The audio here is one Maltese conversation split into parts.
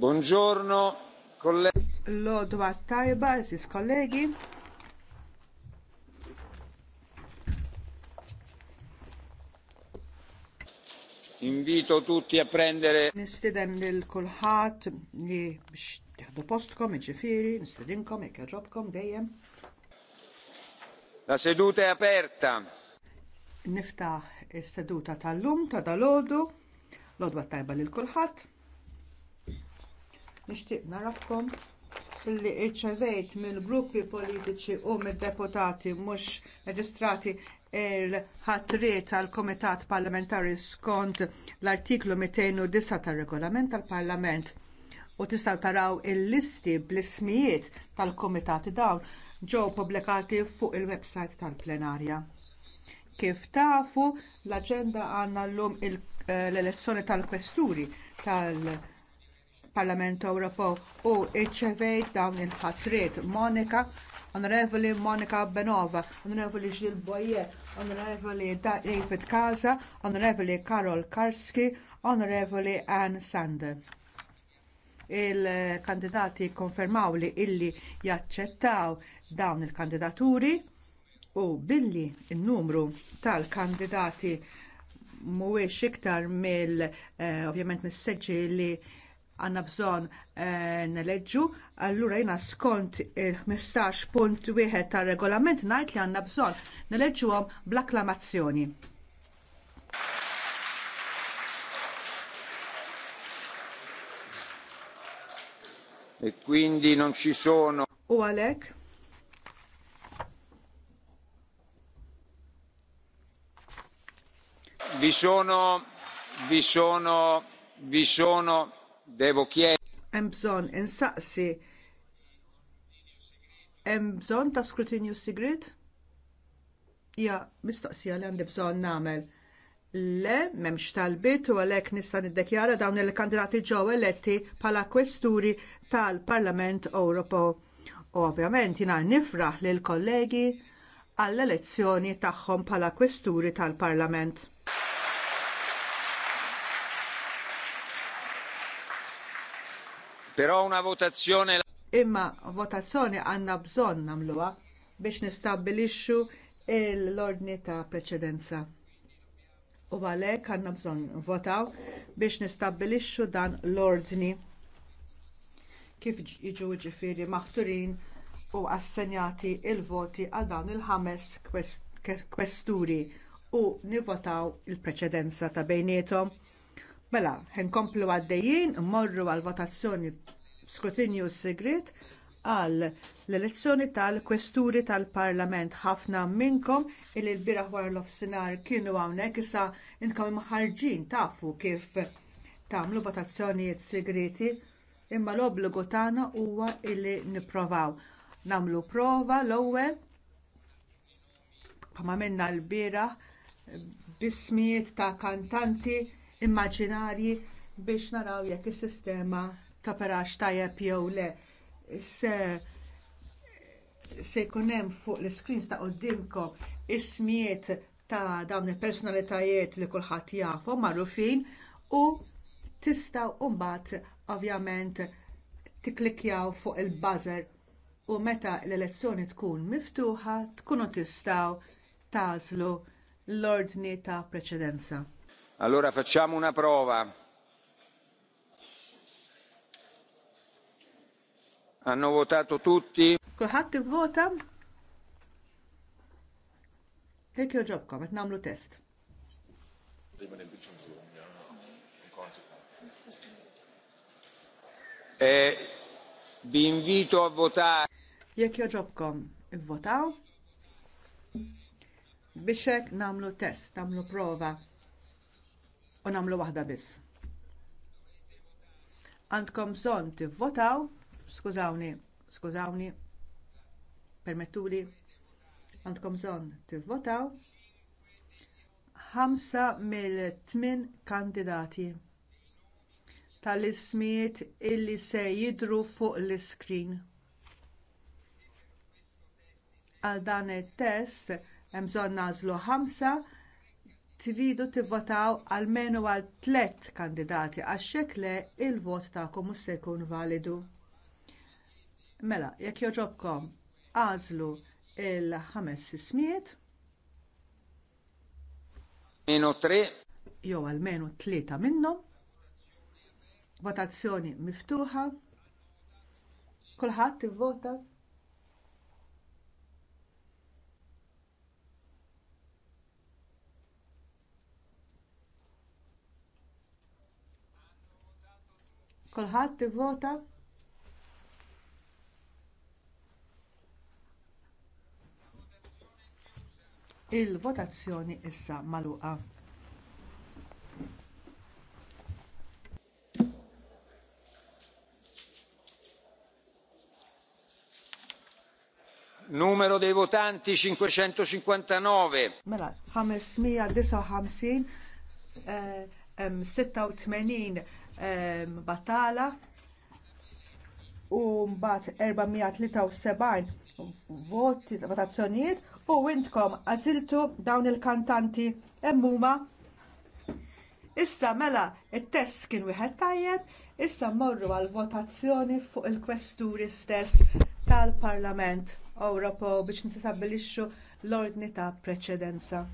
Buongiorno, colleghi. Lodwa tajba, eżis kollegi. Invito tutti a prendere. Nistidem lil kulħadd li biex tieħdu postkom, iġifiri, nistidinkom jekk jaġobkom dejjem. La seduta è aperta. Niftaħ is-seduta tal-lum ta' dalodu. Lodwa tajba lil kulħadd. Nixtieq narafkom illi irċevejt mill-gruppi politiċi u mid-deputati mhux reġistrati il-ħatriet tal kumitat Parlamentari skont l-artiklu 209 tar-regolament tal-Parlament u tistgħu taraw il-listi bl-ismijiet tal kumitati dawn ġew pubblikati fuq il-website tal-plenarja. Kif tafu l-aġenda għandna llum eh, l-elezzjoni tal-kwesturi tal-, -kwesturi, tal parlament Ewropew u rċevejt dawn il-ħatriet Monika Onorevoli Monika Benova, Onorevoli Gil Boyer, Onorevoli David Casa, Onorevoli Karol Karski, Onorevoli Ann Sander. Il-kandidati konfermaw li illi jaċċettaw dawn il-kandidaturi u billi n numru tal-kandidati mhuwiex iktar mill eh, ovvjament mis-seġġi li għandna bżonn eh, neleġġu, allura jiena skont il-15.1 tar-regolament ngħid li għandna bżonn neleġġuhom bl-akklamazzjoni. E quindi non ci sono. U għalhekk? Vi sono, vi sono, vi sono Devo chiedere. Hemm bżonn insaqsi hemm bżonn ta' skrutinju sigrit? Ja, mistoqsija li għandi bżonn nagħmel. Le, m'hemmx talbit u għalhekk nista' niddekjara dawn il-kandidati ġew eletti bħala kwesturi tal-Parlament Ewropew. Ovvjament jiena nifraħ lill kollegi għall-elezzjoni tagħhom bħala kwesturi tal-Parlament. Però una votazione imma votazzjoni għandna bżonn nagħmluha biex nistabbilixxu l-ordni ta' preċedenza. U għalhekk għandna bżonn votaw biex nistabbilixxu dan l-ordni kif jiġu ġifieri maħturin u assenjati l voti għal dawn il-ħames kwesturi u nivvotaw il-preċedenza ta' bejniethom. Mela, nkomplu għaddejjin, mmorru għal votazzjoni skrutinju segret għal l-elezzjoni tal-kwesturi tal-parlament. ħafna minnkom illi l-bira war l kienu hawnhekk issa inkom maħarġin tafu kif tagħmlu votazzjonijiet segreti imma l-obbligu tagħna huwa illi nipprovaw. Nagħmlu prova l-ewwel bħalma minna l-bira bismijiet ta' kantanti immaġinarji biex naraw jekk is-sistema ta' parax tajjeb jew le. Se se jkun hemm fuq l-iskrins ta' qudiemkom ismijiet ta' dawn il-personalitajiet li kulħadd jafhom magħrufin u tistgħu mbagħad ovvjament tikklikjaw fuq il-buzzer u meta l-elezzjoni tkun miftuħa tkunu tistgħu tażlu l-ordni ta' preċedenza allora facciamo una prova hanno votato tutti kulħadd ivvota hekk joġobkom qed nagħmlu test e, vi invito a votare jekk joġobkom ivvotaw biex hekk nagħmlu test nagħmlu prova u nagħmlu waħda biss. Għandkom bżonn tivvotaw, skużawni, skużawni, permettuli, għandkom bżonn tivvotaw ħamsa mill tmin kandidati tal-ismijiet illi se jidru fuq l-iskrin. Għal dan it-test hemm bżonn nażlu ħamsa tridu tivvotaw għalmenu għal tliet kandidati għax le il-vot tagħkom mhux se jkun validu. Mela, jekk joġobkom għażlu il-ħames ismijiet. Minu tri, Jew almenu tlieta minnhom. Votazzjoni miftuħa. Kulħadd ivvota. Kulħadd tivvota? Il-votazzjoni issa maluqa. Numero dei votanti 559. Mela, 559, 86 batala u mbagħad 473 voti votazzjonijiet u wintkom għażiltu dawn il-kantanti huma. Issa mela t test kien wieħed tajjeb, issa mmorru għal votazzjoni fuq il-kwesturi stess tal-Parlament Ewropew biex nistabbilixxu l-ordni ta' preċedenza.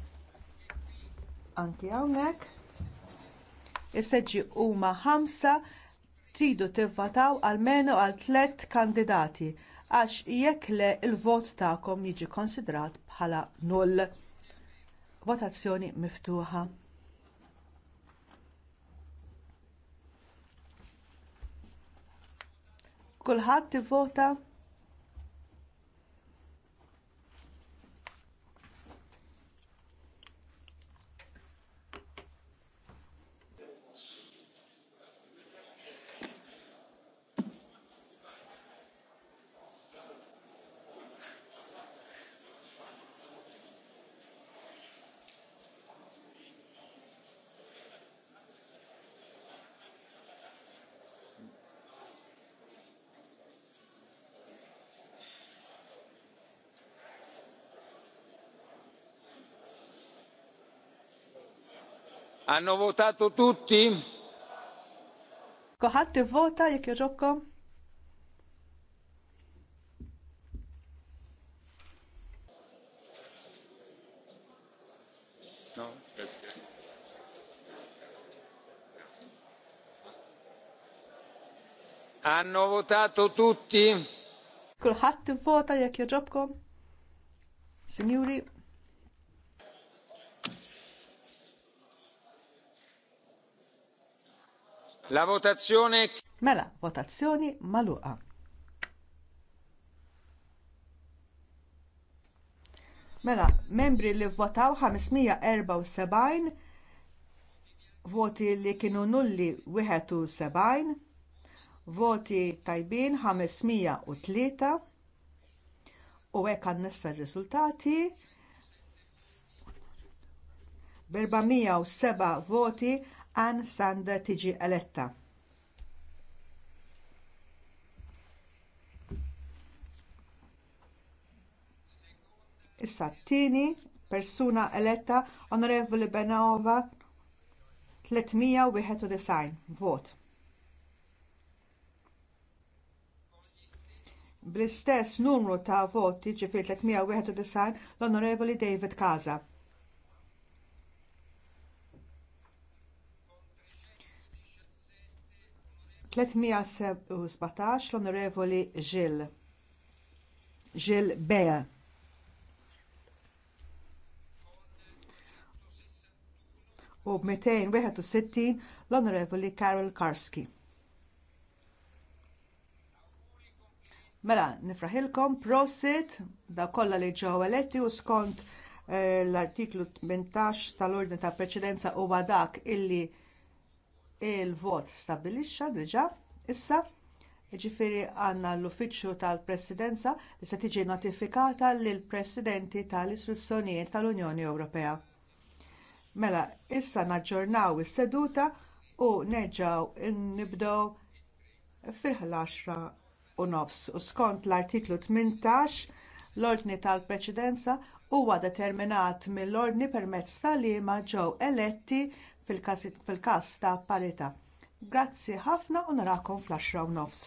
Anki hawnhekk is-seġġi huma ħamsa tridu tivvotaw għalmenu għal tliet kandidati għax jekk le il-vot tagħkom jiġi konsidrat bħala null. Votazzjoni miftuħa. Kulħadd tivvota? Hanno votato tutti? Koħat vota jekk joġobkom? No, Hanno votato tutti? Kulħadd ivvota jekk joġobkom? Signori, La votazione. Mela, votazzjoni maluqa. Mela, membri li votaw 574 voti li kienu nulli 71, voti tajbin 503 u hekk għan r-riżultati 407 voti Ann Sanda tiġi eletta. Issa t tini persuna eletta Onorevoli Benova 391 vot. Bl-istess numru ta' voti ġifir 391 l-Onorevoli David Kaza. 317 l-Onorevoli Gil. Gil Bea. U b-261 l-Onorevoli Karol Karski. Mela, nifraħilkom, prosit, da kolla li ġew eletti u skont eh, l-artiklu 18 tal-ordni ta' preċedenza huwa dak illi il-vot stabbilixxa diġà issa jiġifieri għandna l-uffiċċju tal-Presidenza li se tiġi notifikata lill-Presidenti tal-Istituzzjonijiet tal-Unjoni Ewropea. Mela, issa naġġornaw is-seduta u nerġgħu nibdew fil 10 u nofs u skont l-artiklu 18 l-ordni tal-preċedenza huwa determinat mill-ordni permezz tal-liema ġew eletti fil-każ ta' parità. Grazzi ħafna u narakom fl-10 nofs.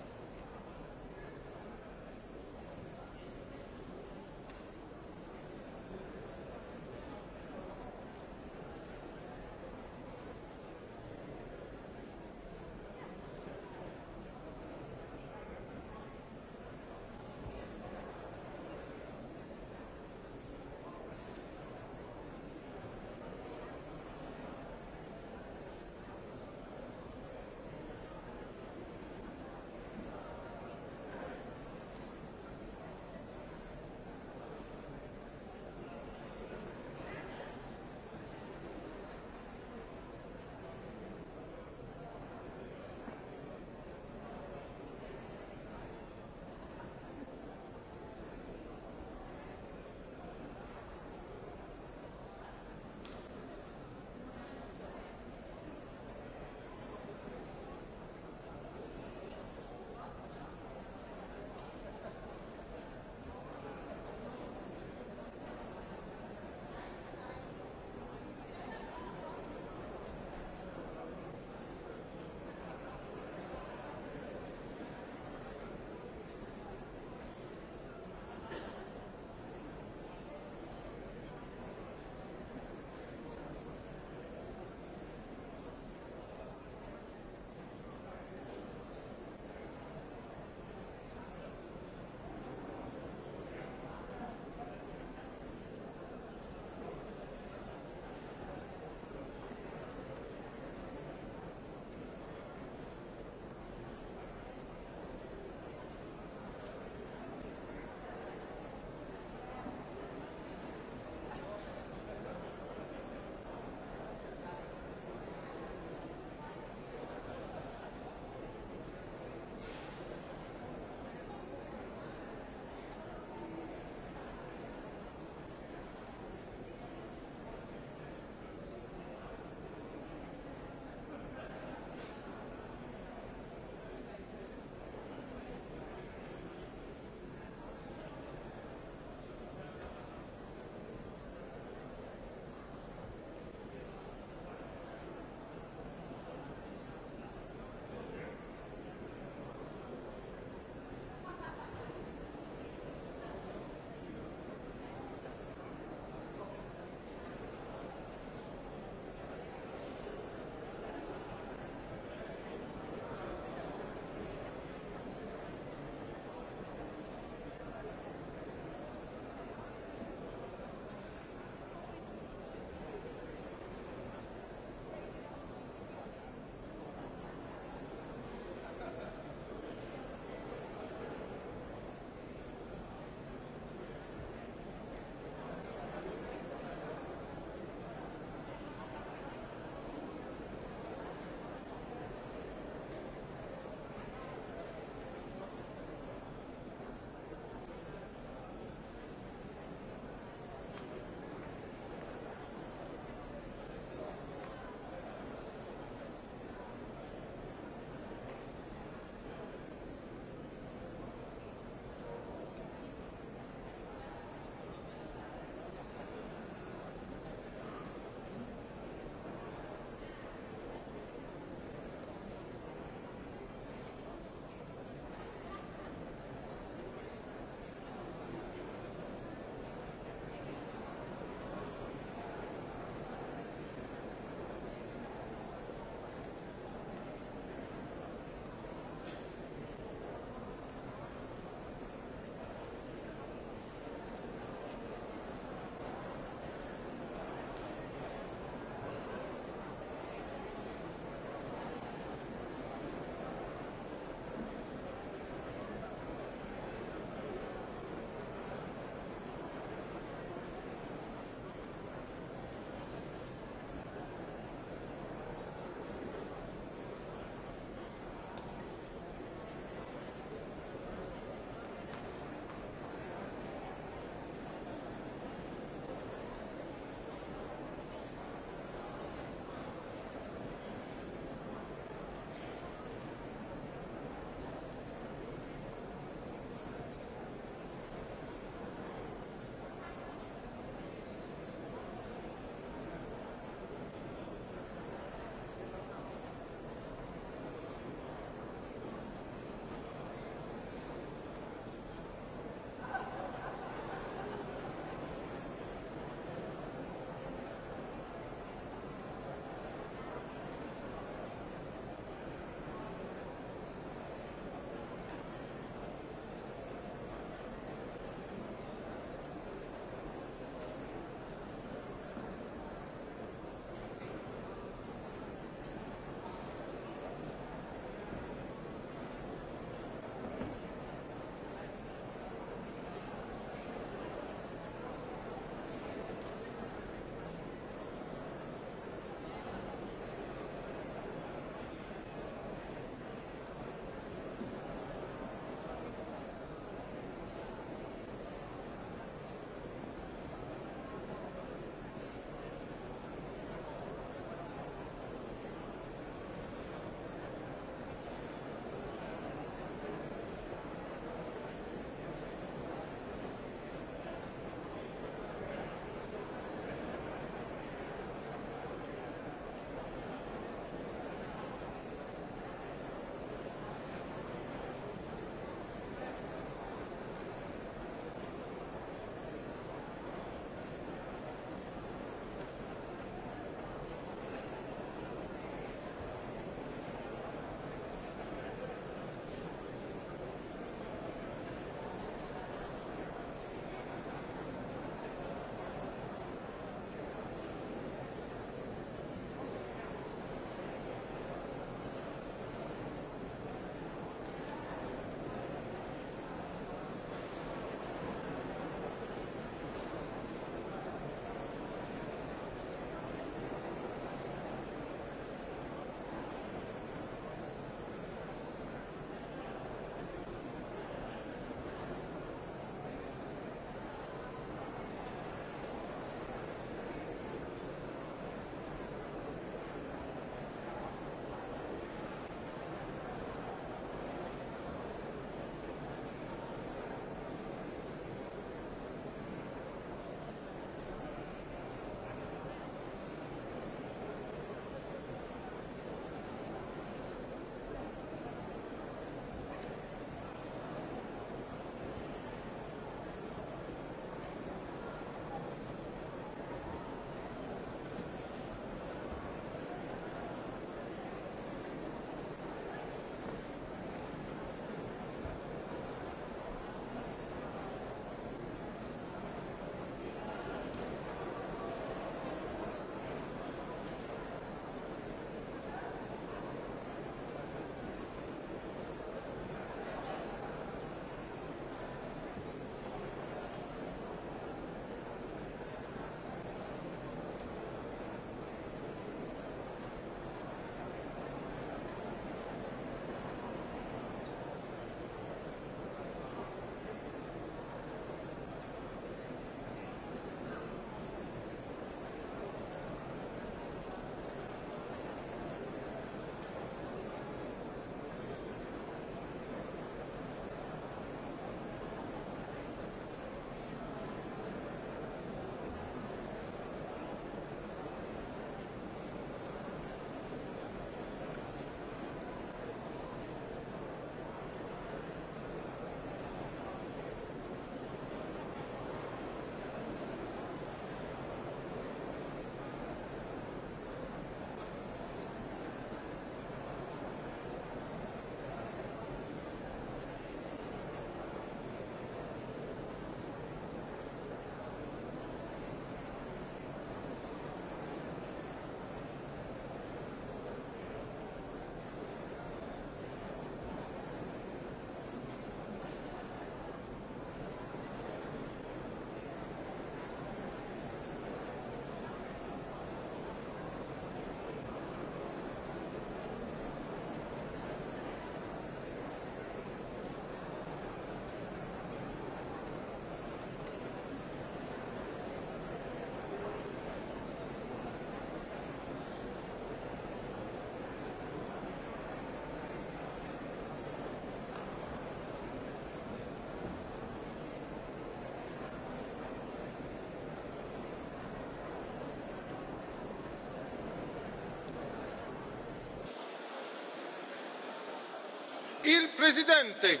il presidente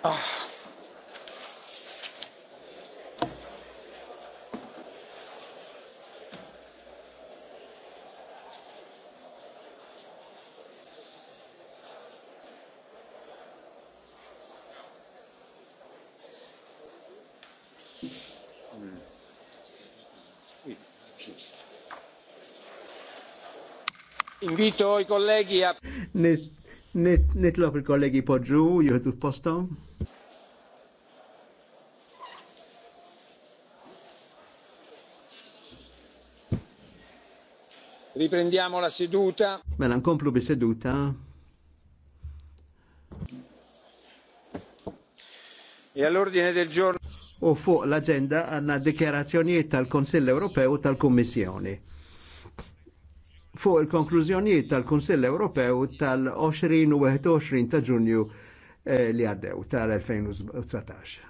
ah. invito i colleghi a Nitlob il-kollegi podġu, juhdu postom. Riprendiamo la seduta. Mela nkomplu bi seduta. E all'ordine del giorno. U fuq l-agenda għanna dikjerazzjonijiet tal-Konsill Ewropew tal-Kummissjoni fuq il-konklużjonijiet tal-Kunsill Ewropew tal-20 u 21 ta' Ġunju li għaddew tal-2019.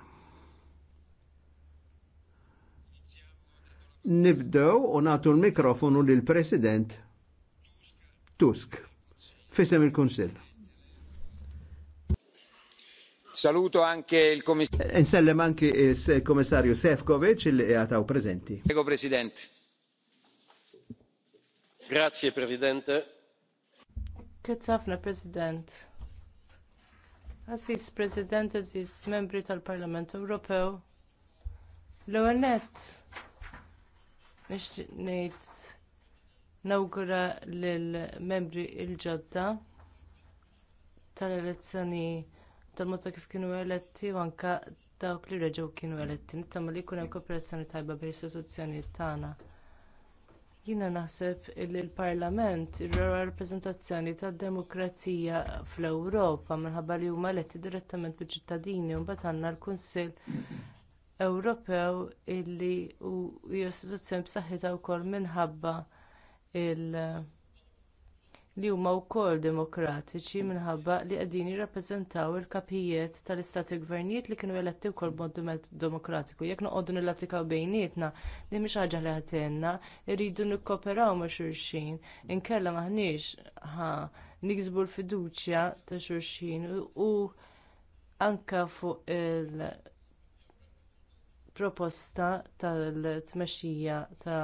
Nibdew u natu l-mikrofonu lil president Tusk fisem il-Kunsill. Saluto anche il commissario. Insellem anche il commissario Sefcovic, il-għataw prezenti. Prego, Presidente. Grazie, Presidente. Grazie ħafna, President. Aziz President, aziz membri tal-Parlament Ewropew, l-ewwel nett nixtieq ngħid nawgura lill-membri l-ġodda tal-elezzjoni tal-mod kif kienu eletti u anke dawk li reġgħu kienu eletti. Nittama li jkun hemm kooperazzjoni tajba bil-istituzzjonijiet tagħna. Jiena naħseb li l-Parlament irra rappreżentazzjoni tad-demokrazija fl-Ewropa minħabba li huma eletti direttament mill-ċittadini u mbagħad għandna l-Kunsill Ewropew illi hu istituzzjoni b'saħħitha wkoll minħabba l- li huma wkoll demokratiċi minħabba li qegħdin jirrappreżentaw il-kapijiet tal-istati gvernijiet li kienu eletti wkoll b'mod demokratiku. Jekk noqogħdu nilatikaw bejnietna din mhix ħaġa li ħatenna, irridu nikkoperaw ma' xulxin, inkella maħniex ħa niksbu l-fiduċja ta' xulxin u anke fuq il- proposta tal-tmexxija ta'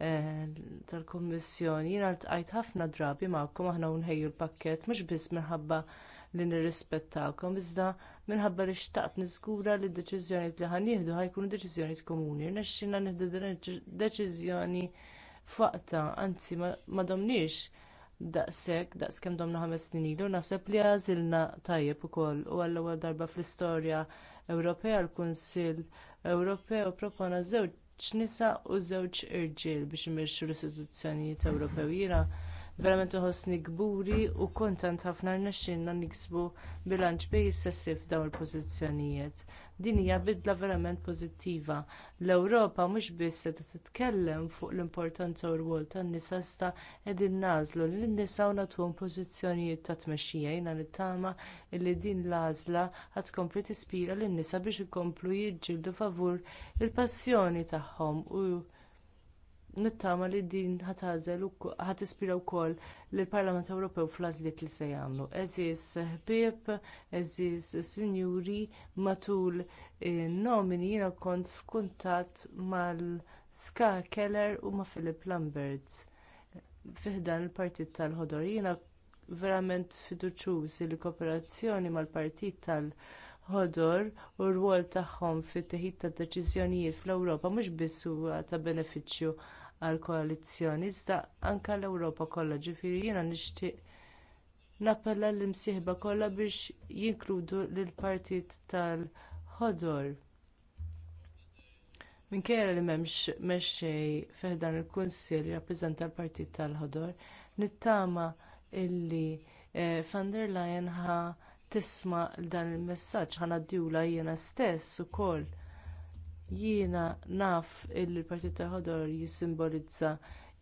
Eh, tal-Kummissjoni. Jiena ltqajt ħafna drabi magħkom aħna nħejju l-pakkett mhux biss minħabba li nirrispettawkom iżda minħabba li xtaqt niżgura li d-deċiżjonijiet li ħanieħdu ħajkunu deċiżjonijiet komuni. Rnexxinna nieħdu deċiżjoni faqta, anzi ma domniex daqshekk daqskemm domna ħames snin ilu naħseb li għażilna tajjeb ukoll u għall-ewwel darba fl-istorja Ewropea l-Kunsill Ewropew propona żewġ x'nisa u żewġ irġiel biex imexxu l-istituzzjonijiet ewropej verament iħossni kburi u kuntent ħafna rnexxielna niksbu bilanċ bejn is-sessi f'dawn il-pożizzjonijiet. Din hija bidla verament pożittiva. L-Ewropa mhux biss se titkellem fuq l-importanza u rwol tan-nisa iżda qegħdin nagħżlu lin-nisa u nagħtuhom pożizzjonijiet ta' tmexxija jiena nittama li din l-għażla ħadd tkompli tispira lin-nisa biex ikomplu jiġġieldu favur il-passjoni tagħhom u nittama li din ħatażel ħatispira wkoll lill parlament Ewropew fl-għażliet li se jagħmlu. Eżis ħbieb, eżis sinjuri matul nomini jiena kont f'kuntatt mal-Ska Keller u ma' Philip Lambert fiħdan il-Partit tal-Ħodor. Jiena verament fiduċjuż li kooperazzjoni mal-Partit tal-Ħodor u r-rwol tagħhom fit-teħid tad-deċiżjonijiet fl-Ewropa mhux biss huwa ta' benefiċċju għall-koalizzjoni iżda anke l-ewropa kollha ġifieri jiena nixtieq nappella lill-imsieħba kollha biex jinkludu lill-partit tal-ħodor minkejja li m'hemmx mexxej fih dan il-kunsill jirrappreżenta l-partit tal-ħodor nittama illi eh, van der Leyen ħa tisma' dan il-messaġġ ħa ngħaddiula jiena stess ukoll Jiena naf il-Partit ta' ħodor jissimbolizza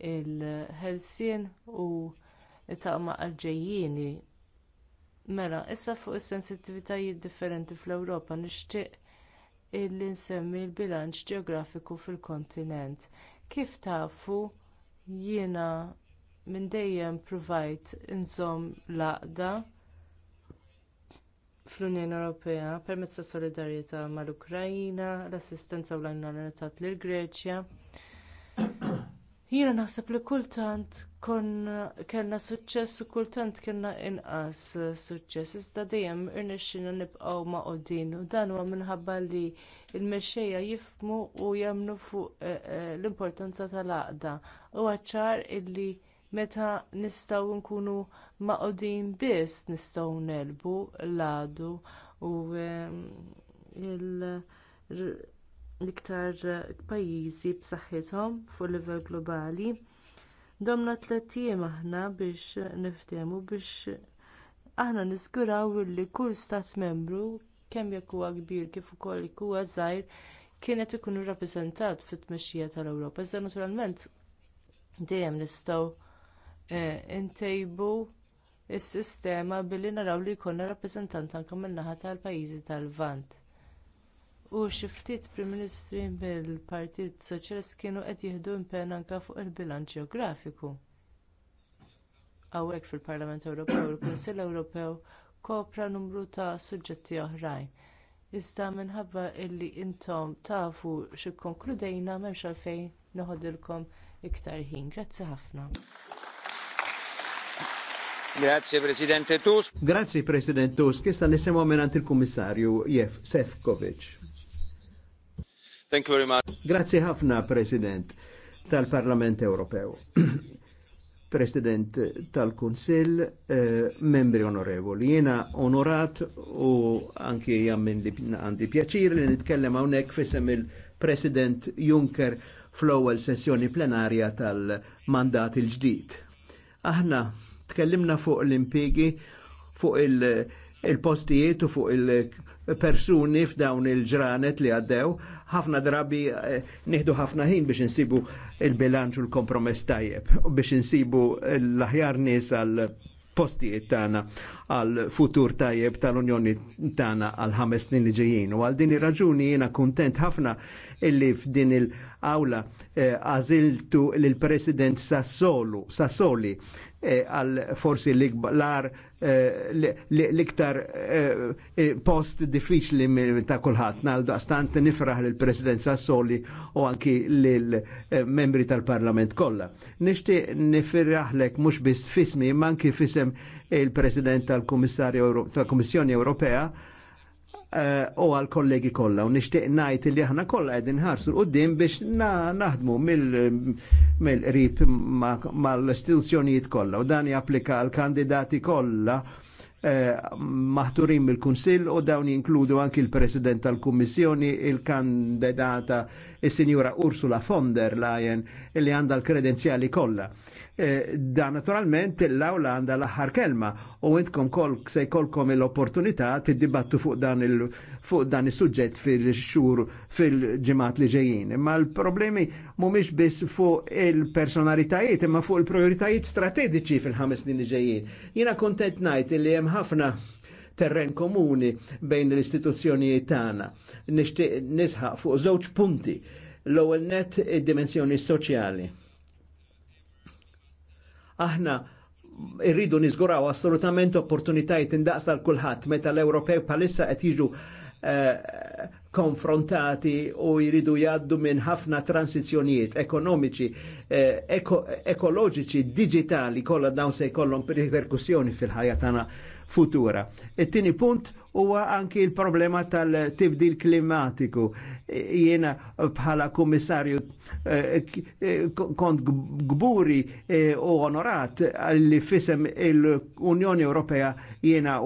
il-ħelsien u taqma għalġejjieni. Mela, issa fuq is-sensittivitajiet differenti fl-Ewropa nixtieq illi nsemmi l-bilanċ ġeografiku fil-kontinent. Kif tafu jiena minn dejjem provajt inżomm l-għaqda fl-Unjoni Ewropea permezz ta' solidarjetà mal ukraina l-assistenza u l-analizzat lill greċja Jiena naħseb li kultant kellna suċċess u kultant kellna inqas suċċess. Iżda dejjem irnexxina nibqgħu ma' maqogħdin u dan huwa minħabba li l-mexxejja jifhmu u jemmnu fuq eh, eh, l-importanza tal-għaqda. Huwa ċar illi meta nistgħu nkunu maqogħdin biss nistgħu nelbu l-għadu u ehm, l-iktar pajjiżi b'saħħithom fuq livell globali domna tliet ijiem aħna biex niftehmu biex aħna niżguraw li kull stat membru kemm jekk huwa kbir kif ukoll jekk huwa żgħir kienet ikun irrappreżentat fit-tmexxija tal-Ewropa. Iżda naturalment dejjem nistgħu Eh, intejbu s-sistema billi naraw li jkollna rappreżentant anke min-naħa tal-pajjiżi tal-lvant u xi ftit prim ministri mill-partit soċjalist kienu qed jieħdu impenn anke fuq il-bilanċ ġeografiku hawnhekk fil-parlament ewropew u l-kunsill ewropew kopra numru ta' suġġetti oħrajn iżda minħabba li intom tafu x'ikkonkludejna m'hemmx għalfejn noħodilkom iktar ħin grazzi ħafna Grazie Presidente Tusk. Grazie President Tusk. Issa nisimgħu mingħand il commissario Jef Sefcovic. Thank you very much. Grazie ħafna President tal-Parlament Ewropew. President tal-Kunsill, eh, membri onorevoli. Jena onorat u anki jammin li għandi pjaċir li nitkellem hawnhekk fisem il-President Juncker fl-ewwel sessjoni plenarja tal-mandat il-ġdid. Aħna Tkellimna fuq l-impigi, fuq il-postijiet il u fuq il-persuni f'dawn il-ġranet li għaddew. Ħafna drabi eh, nieħdu ħafna ħin biex insibu il-bilanċ u l-kompromess tajjeb, u biex insibu l-aħjar nies għal postijiet tagħna għal futur tajjeb tal-Unjoni tagħna għal ħames snin li ġejjin. U għal din ir-raġuni jiena kuntent ħafna illi f'din il- awla eh, għaziltu eh, l-President Sassolu, Sassoli eh, għal forsi l-ikbar eh, l-iktar post diffiċli ta' kulħadd naldu għastant nifraħ l president Sassoli u anki l-membri tal-Parlament kollha. Nixti nifraħlek mhux biss fismi, manki anki fisem il-President tal komissjoni Ewropea Eh, u għal kollegi kollha u nixtieq ngħid li aħna kollha għedin ħarsu l qudiem biex naħdmu mill-qrib mal-istituzzjonijiet kollha u dan japplika għal kandidati kollha eh, maħturin mill-Kunsill u dawn jinkludu anki il-President tal-Kummissjoni, il-kandidata il sinjura Ursula von der Leyen li għandha l-kredenzjali kollha Eh, da naturalment l-awla għanda l-aħħar kelma u intkom kol se kolkom l-opportunità tiddibattu fuq dan il fuq dan is-suġġett fil xur fil-ġimgħat li ġejjin. Ma l-problemi mhumiex biss fuq il-personalitajiet imma fuq il-prioritajiet strateġiċi fil-ħames snin li ġejjin. Jiena kontent ngħid li hemm ħafna terren komuni bejn l-istituzzjonijiet tagħna. Nixtieq nisħaq fuq żewġ punti l-ewwel net id-dimensjoni soċjali aħna irridu nizguraw assolutament opportunitajiet indaqsa l-kulħadd meta l-Ewropew palissa qed jiġu eh, konfrontati u jridu jaddu minn ħafna transizjonijiet ekonomiċi, eh, ekoloġiċi, digitali, kollha dawn se jkollhom perkussjoni fil-ħajja tagħna futura. It-tieni punt huwa anki il-problema tal-tibdil klimatiku. Jiena bħala kummissarju eh, eh, kont gburi eh, u onorat li fisem l-Unjoni Ewropea jiena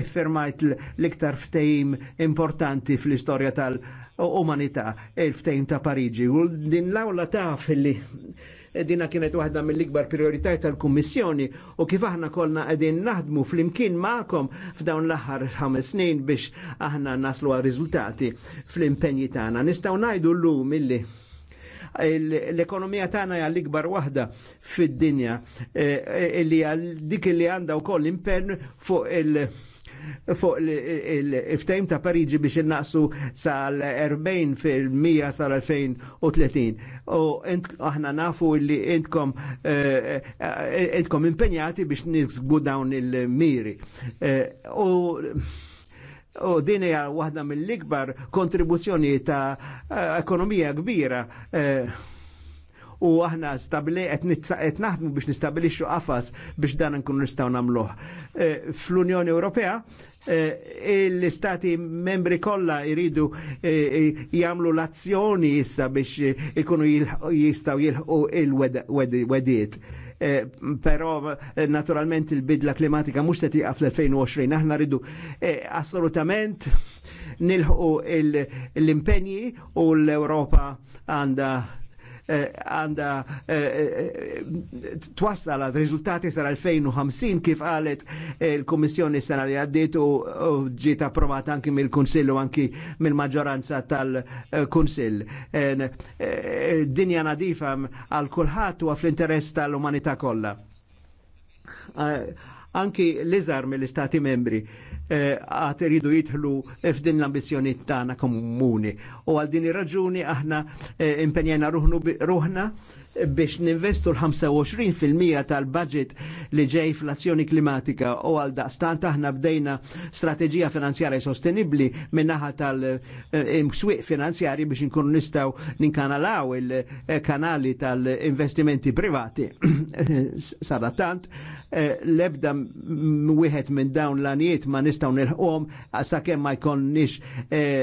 effermajt l-iktar ftejim importanti fl-istorja tal-umanità, il-ftejim ta' Parigi. U din l-awla fil li Dina kienet waħda mill-ikbar prioritajiet tal-Kummissjoni u kif aħna kolna qegħdin naħdmu flimkien magħkom f'dawn l-aħħar ħames snin biex aħna naslu riżultati fl-impenji tagħna. Nistgħu ngħidu llum illi l-ekonomija tagħna hija l-ikbar waħda fid-dinja eh, eh, li dik li għandha wkoll impenn fuq il- fuq il iftajm ta' Pariġi biex innaqsu sal-40 fil-100 sal-2030. U aħna nafu li intkom eh, intkom impenjati biex nisbu dawn il-miri. Eh, u U din hija waħda mill-ikbar kontribuzzjoni ta' eh, ekonomija kbira. Eh, u aħna stabili qed naħdmu biex nistabilixxu qafas biex dan nkunu nistgħu nagħmluh. Eh, Fl-Unjoni Ewropea eh, l-istati membri kollha jridu eh, jagħmlu l-azzjoni issa biex ikunu jistgħu jilħqu il-wediet. Però naturalment il-bidla klimatika mhux se tiqa fl-2020, aħna rridu assolutament nilħu l-impenji u l-Europa għandha Eh, għanda eh, eh, twassal għad riżultati sar 2050 kif għalet il komissjoni sena li għaddit u ġiet approvata anki mill-Kunsill u anki mill-maġġoranza tal-Kunsill. Dinja nadifa għal kulħat u għafl interess tal umanita kollha anki l-izar mill-istati membri għat iridu jitħlu f'din l-ambizjoni tagħna komuni. U għal din ir-raġuni aħna eh, impenjajna ruħna biex ninvestu l-25% tal-budget li ġej fl-azzjoni klimatika u għal daqstant aħna bdejna strategija finanzjarja sostenibli minnaħa tal-imswiq eh, finanzjarji biex nkunu nistaw ninkanalaw il-kanali eh, tal-investimenti privati. Saratant, Eh, lebda wieħed minn dawn l-anijiet ma nistgħu nilħqhom sakemm ma jkollniex eh,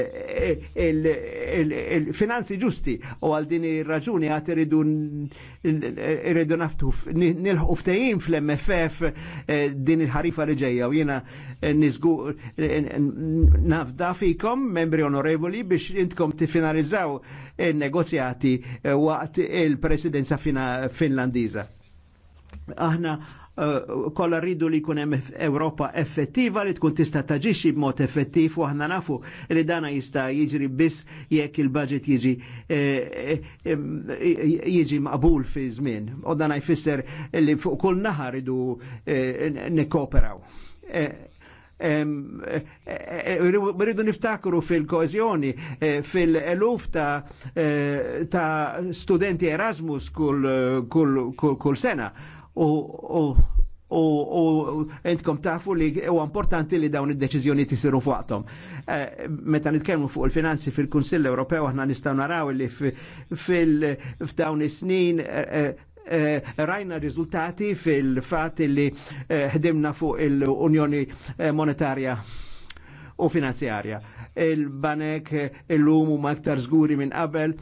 eh, il-finanzi ġusti u għal din ir-raġuni għad irridu naftu nilħqu ftehim fl-MFF din il-ħarifa li ġejja u jiena nizgur nafda fikom membri onorevoli biex intkom tifinalizzaw il-negozjati waqt il-presidenza finlandiza. Aħna Eh, kolla rridu li kunem hemm Ewropa effettiva li tkun tista' taġixxi b'mod effettiv u ħna nafu li dana jista' jiġri biss jekk il-budget jiġi eh, eh, jiġi maqbul fi żmien. U dana jfisser li fuq kull naħar rridu nikkooperaw. Rridu niftakru fil-kozjoni, fil-eluf ta, ta' studenti Erasmus kull sena u u entkom tafu li u importanti li dawn id-deċizjoni tisiru fuqtom. Eh, meta nitkellmu fuq il-finanzi fil-Kunsill Ewropew aħna nistgħu naraw li f'dawn is-snin eh, eh, rajna riżultati fil fatt li ħdimna fuq il-Unjoni Monetarja u finanzjarja. Il-banek illum huma aktar żguri minn qabel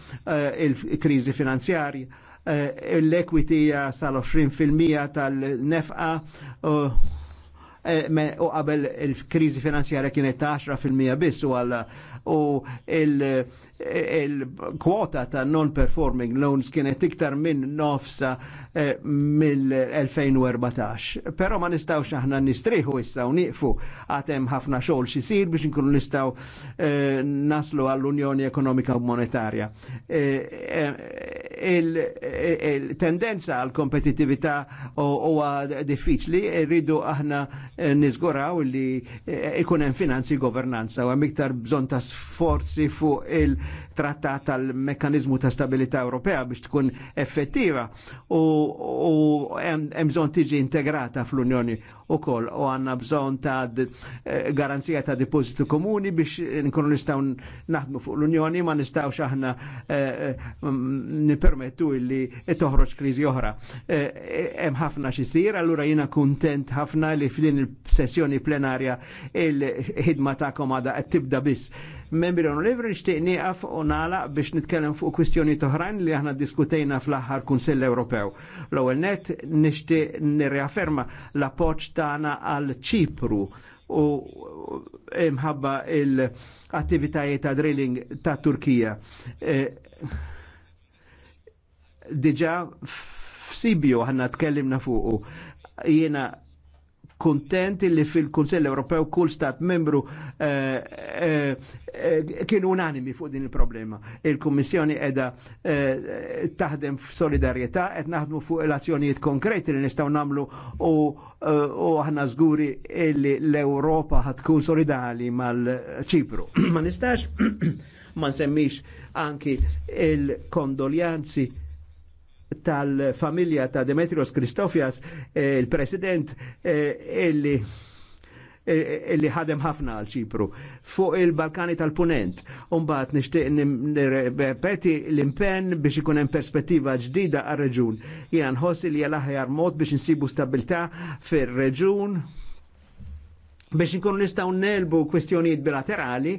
il kriżi finanzjarja Eh, l-equity sal-20% tal-nefqa u eh, qabel il-krizi finanzjarja kienet 10% biss u għal u il- il-kwota ta' non-performing loans kienet iktar minn nofsa eh, mill-2014. Pero ma nistawx aħna nistriħu issa u niqfu għatem ħafna xogħol xisir biex nkunu nistaw eh, naslu għall-Unjoni Ekonomika u Monetarja. Eh, Il-tendenza għal kompetitività huwa diffiċli, rridu aħna nizguraw li ikun hemm finanzi governanza u hemm iktar bżonn ta' sforzi fuq il- trattat tal-mekkanizmu ta' stabilità Ewropea biex tkun effettiva u hemm bżonn tiġi integrata fl-Unjoni ukoll u għandna bżonn ta' eh, garanzija ta' depożitu komuni biex nkunu nistgħu naħdmu fuq l-Unjoni ma nistgħux aħna eh, eh, nipermettu li toħroġ kriżi oħra. Hemm ħafna xisir, allura jiena kuntent ħafna li f'din il-sessjoni plenarja il-ħidma ta' komada qed tibda biss Membri onorevoli, nixtieq nieqaf u nala biex nitkellem fuq kwistjoni toħrajn li aħna diskutejna fl-aħħar Kunsell Ewropew. L-ewwel net nixtieq nirriafferma l-appoġġ tagħna għal Ċipru u imħabba l-attivitajiet ta' drilling ta' Turkija. E, Diġa f'Sibju ħanna tkellimna fuq jiena kontent li fil-Kunsell Ewropew kull stat membru eh, eh, eh, kienu unanimi fuq din il-problema. Il-Kummissjoni edha taħdem f'solidarjetà qed naħdmu fuq l-azzjonijiet konkreti li nistgħu namlu u u aħna żguri li l-Ewropa ħatkun solidali mal-Ċipru. Ma nistax ma nsemmix anki il-kondoljanzi tal-familja ta' Demetrios Kristofias, eh, il-president eh, illi eh, illi ħadem ħafna għal ċipru fuq il-Balkani tal-Punent. Umbat nishtiq nirrepeti l-impenn biex ikun hemm perspettiva ġdida għal-reġun. Jena nħossi li l-aħjar mod biex nsibu stabilità fir-reġun biex nkunu nistgħu nelbu kwestjonijiet bilaterali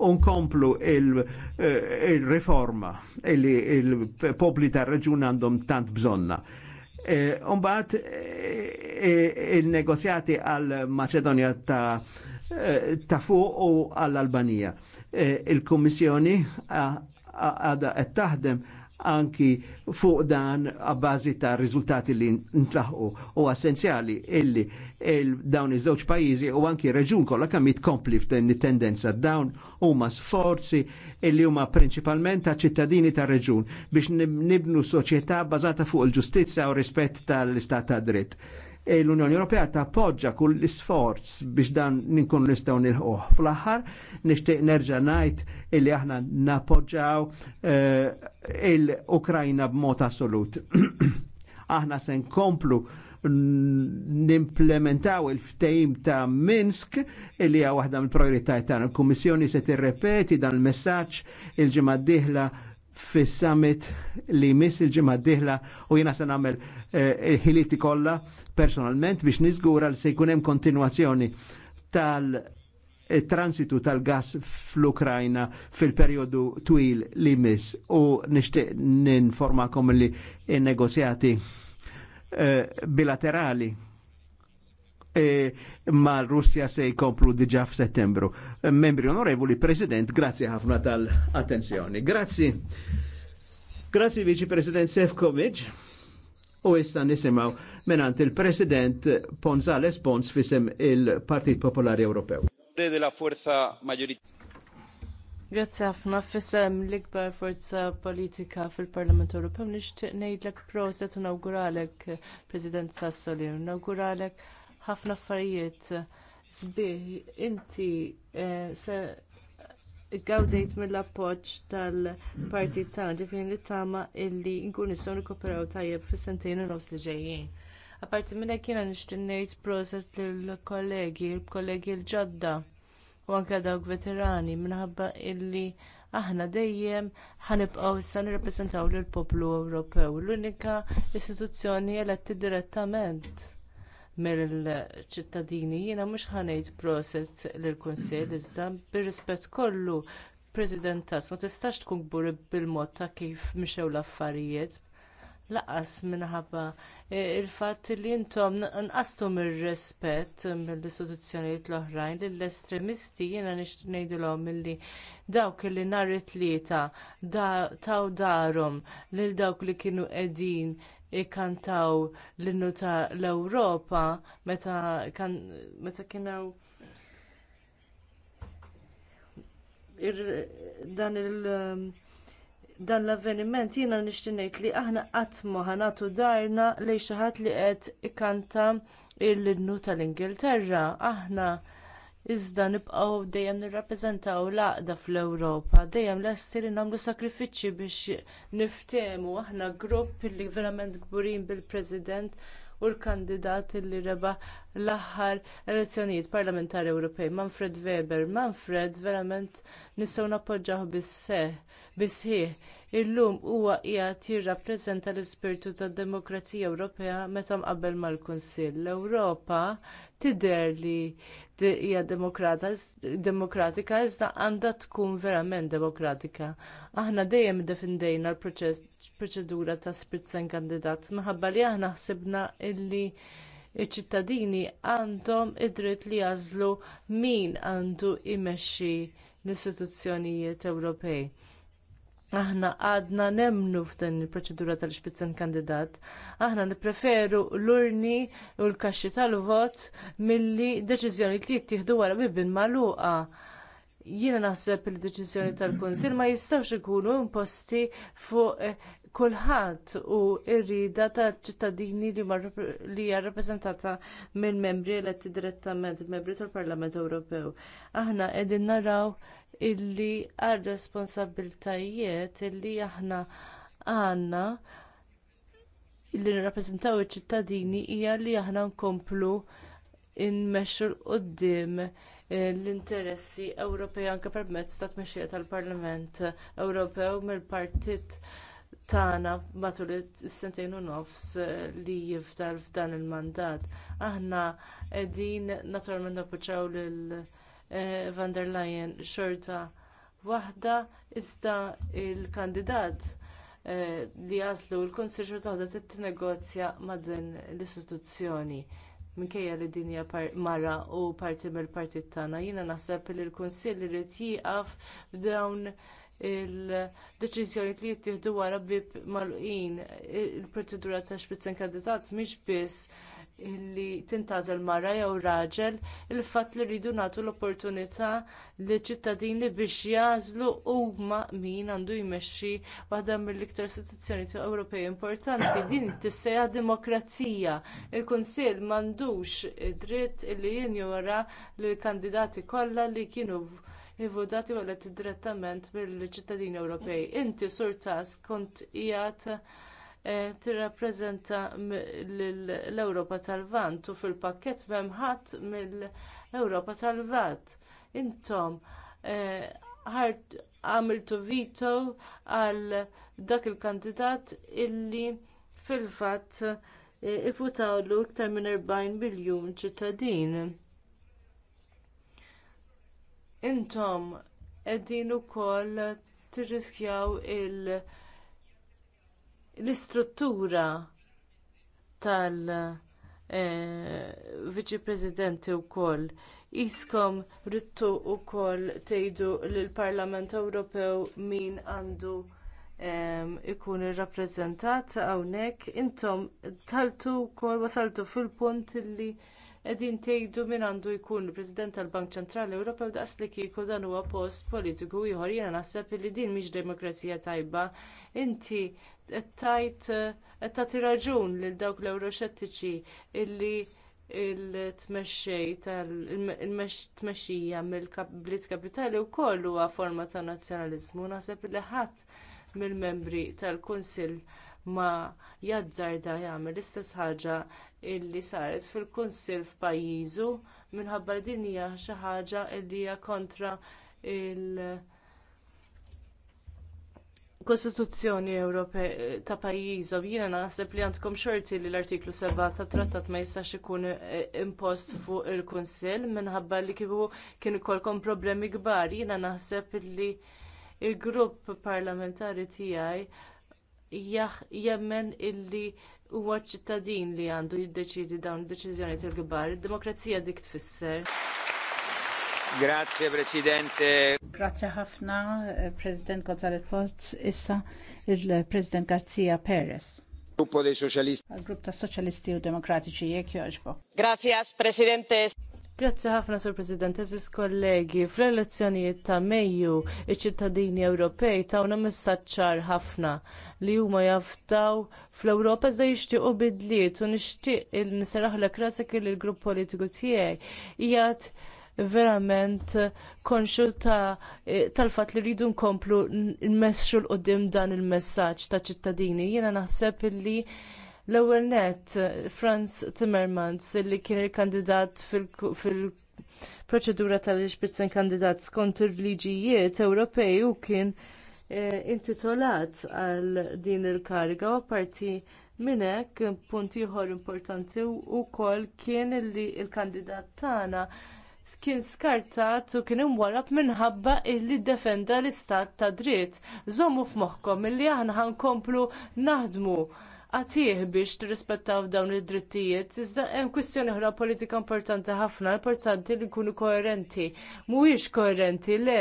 unkomplu il eh, reforma il li il-popli ta' reġun għandhom tant bżonna. E, eh, Umbat eh, il-negozjati għal Macedonia ta' ta' fuq u għall-Albanija. Il-Kommissjoni għada qed taħdem anki fuq dan għabbażi ta' riżultati li ntlaħu u essenzjali illi il dawn iż-żewġ pajjiżi u anki reġun kollha kemm jitkompli f'din tendenza dawn huma sforzi illi huma prinċipalment ta' ċittadini ta' reġun biex nibnu soċjetà bbażata fuq il-ġustizzja u rispett tal-istat ta' dritt e l-Unjoni Ewropea tappoġġa kull isforz biex dan ninkun nistgħu nilħuh. Fl-aħħar nixtieq nerġa' ngħid illi aħna nappoġġaw e, il-Ukrajna b'mod assolut. aħna se nkomplu nimplementaw il-ftejim ta' Minsk illi hija waħda mill-prioritajiet tagħna. Il-Kummissjoni se tirrepeti dan il-messaġġ il-ġimgħa d-dieħla fis summit li miss il-ġimma diħla u jena se nagħmel eh, il-ħiliti kolla kollha personalment biex niżgura li se jkun hemm tal-transitu tal-gas fl-Ukrajna fil-perjodu twil li miss u nixtieq ninformakom li n-negozjati eh, bilaterali E, ma l-Russja se jkomplu diġa f'Settembru. Membri onorevoli, President, grazie ħafna tal-attenzjoni. Grazie. Grazie Viċi President Sefkovic u issa nisimaw menant il-President Ponzales Pons fisem il-Partit Popolari Ewropew. Grazie ħafna fisem l-ikbar forza politika fil-Parlament Ewropew nixtieq ngħidlek proset u nawguralek President Sassoli, nawguralek ħafna affarijiet sbieħ inti eh, se gawdejt mill-appoġġ tal-partit tagħna ġifieri tama illi nkun nistgħu nikkoperaw tajjeb fis-sentejn u nofs li ġejjin. Apparti minn hekk jiena nixtieq ngħid proset lill-kollegi, l-kollegi l-ġodda u anke dawk veterani minħabba illi aħna dejjem ħanibqgħu issa nirrappreżentaw lill-poplu Ewropew, l-unika istituzzjoni eletti direttament mill-ċittadini jiena mhux ħanejt proset lill-kunsill iżda bir-rispett kollu president tass ma tistax tkun kbur bil-mod ta' kif mixew l-affarijiet lanqas minħabba e, il-fatt li intom nqastum ir-rispett mill-istituzzjonijiet l-oħrajn lill-estremisti jiena nixtieq ngħidilhom milli dawk li nhar it-tlieta taw darhom lil dawk li kienu qegħdin ikkantaw l-innu ta' l-Ewropa meta kienu dan il- dan l-avveniment jiena nixtieq ngħid li aħna qatt ma ħanatu darna lejn xi ħadd li qed ikkanta l-innu tal-Ingilterra. Aħna iżda nibqgħu dejjem nirrappreżentaw l-għaqda fl-Ewropa, dejjem lesti li nagħmlu sakrifiċċji biex niftehmu aħna grupp li verament kburin bil-President u l-kandidat li rebaħ l-aħħar elezzjonijiet parlamentari Ewropej, Manfred Weber. Manfred verament nistgħu nappoġġjaw bis-seħ, bis Illum huwa qiegħed jirrappreżenta l-ispirtu tad-Demokrazija Ewropea meta mqabbel mal-Kunsill. L-Ewropa tidher li hija demokratika iżda għandha tkun verament demokratika. Aħna dejjem defendejna l-proċedura ta' spritzen kandidat minħabba li aħna ħsibna illi iċ-ċittadini għandhom id-dritt li jażlu min għandu jmexxi l-istituzzjonijiet Ewropej aħna għadna nemnu f'dan il-proċedura tal-xpizzan kandidat. Aħna nippreferu l-urni u l-kaxxi tal-vot milli deċiżjoni li jittieħdu wara bibin magħluqa. Jiena naħseb li deċiżjoni tal-Kunsil ma jistgħux ikunu imposti fuq eh, kulħadd u r-rieda tal-ċittadini li hija rappreżentata mill-membri eletti direttament, il-membri tal-Parlament Ewropew. Aħna qegħdin naraw illi għal responsabiltajiet illi aħna għandna illi nirrappreżentaw iċ-ċittadini hija li aħna nkomplu nmexxu l quddiem eh, l-interessi Ewropej anke permezz ta' tmexxija tal-Parlament Ewropew mill-partit tagħna matul is-sentejn u nofs eh, li jiftar f'dan il-mandat. Aħna qegħdin naturalment nappoġġjaw lil Eh, van der Leyen xorta waħda iżda l kandidat eh, li għażlu l-Kunsil xorta waħda negozja ma' din l-istituzzjoni minkejja li din hija mara u parti mill-partit tagħna. Jiena naħseb li l-Kunsill irid jieqaf f'dawn il-deċizjoni li jittieħdu wara bib mal-qin il-proċedura ta' xbitzen kandidat mhix biss li tintgħażel mara jew raġel il-fatt li rridu nagħtu l-opportunità liċ ċittadini biex jażlu huma min għandu jmexxi waħda mill-iktar istituzzjoni Ewropej importanti din tissejjaħ demokrazija. Il-Kunsill m'għandux id-dritt li jinjora lill kandidati kollha li kienu ivvutati u direttament mill-ċittadini Ewropej. Inti sur tas kont qiegħed Eh, tirrappreżenta l-Ewropa tal lvant u fil-pakkett m'hemm ħadd mill-Ewropa tal lvant Intom eh, għamiltu vito għal dak il-kandidat illi fil-fatt eh, ivvutawlu iktar minn 40 miljun ċittadin. Intom qegħdin ukoll tirriskjaw il- l-istruttura tal eh, viċi Presidenti wkoll iskom rittu wkoll tgħidu lill parlament Ewropew min għandu ikun irrappreżentat hawnhekk intom taltu wkoll wasaltu fil-punt li qegħdin tgħidu min għandu jkun il-President tal-Bank Ċentrali Ewropew daqs li kieku dan huwa post politiku ieħor jiena naħseb li din mhix demokrazija tajba. Inti qed tagħti raġun lil dawk l-Ewroxettiċi illi il-tmexxej tal-tmexxija mill-bliet kapitali wkoll huwa forma ta' nazzjonaliżmu naħseb li ħadd mill-membri tal-Kunsill ma jazzarda jagħmel l-istess ħaġa li saret fil-kunsill f'pajjiżu minħabba li din hija xi ħaġa li hija kontra l Kostituzzjoni Ewropea ta' pajjiżu jiena naħseb li għandkom xorti li l-artiklu 7 tat trattat ma jistax ikun e, impost fuq il-Kunsill minħabba li kieku kien ikolkom problemi kbar. Jiena naħseb li l grupp parlamentari tiegħi jemmen illi huwa ċittadin li għandu jiddeċiedi dawn id deċiżjoni tal kbar Id-demokrazija dik tfisser. Grazie Presidente. Grazie ħafna eh, President Gonzalez Post, issa il-President Garzia Perez. Gruppo dei Socialisti. Al gruppo ta' Socialisti u Demokratiċi jekk joġbok. Grazie Presidente. Grazzi ħafna Sur President, eżis kollegi, fl-elezzjonijiet ta' Mejju, iċ-ċittadini Ewropej tawna messaċċar ħafna li huma jaftaw fl-Ewropa iżda jixtiequ bidliet u nixtieq il niseraħlek rasek il grupp politiku tiegħi jgħat verament konxu tal-fatt li rridu nkomplu nmexxu l-qudiem dan il-messaġġ ta' ċittadini. Jiena naħseb illi L-ewwel nett, Franz Timmermans li kien il-kandidat fil-proċedura tal-iġbitzen kandidat skont il-liġijiet Ewropej u kien eh, intitolat għal din il-kariga u parti minn hekk punt ieħor importanti wkoll kien li l-kandidat tagħna kien skartat u kien imwarab minħabba illi ddefenda l-istat ta' dritt. Żommu f'moħħkom illi aħna ħankomplu naħdmu għatih biex tirrispettaw dawn id-drittijiet. Iżda hemm kwistjoni oħra politika importanti ħafna, importanti li nkunu koerenti. Mhuwiex koerenti le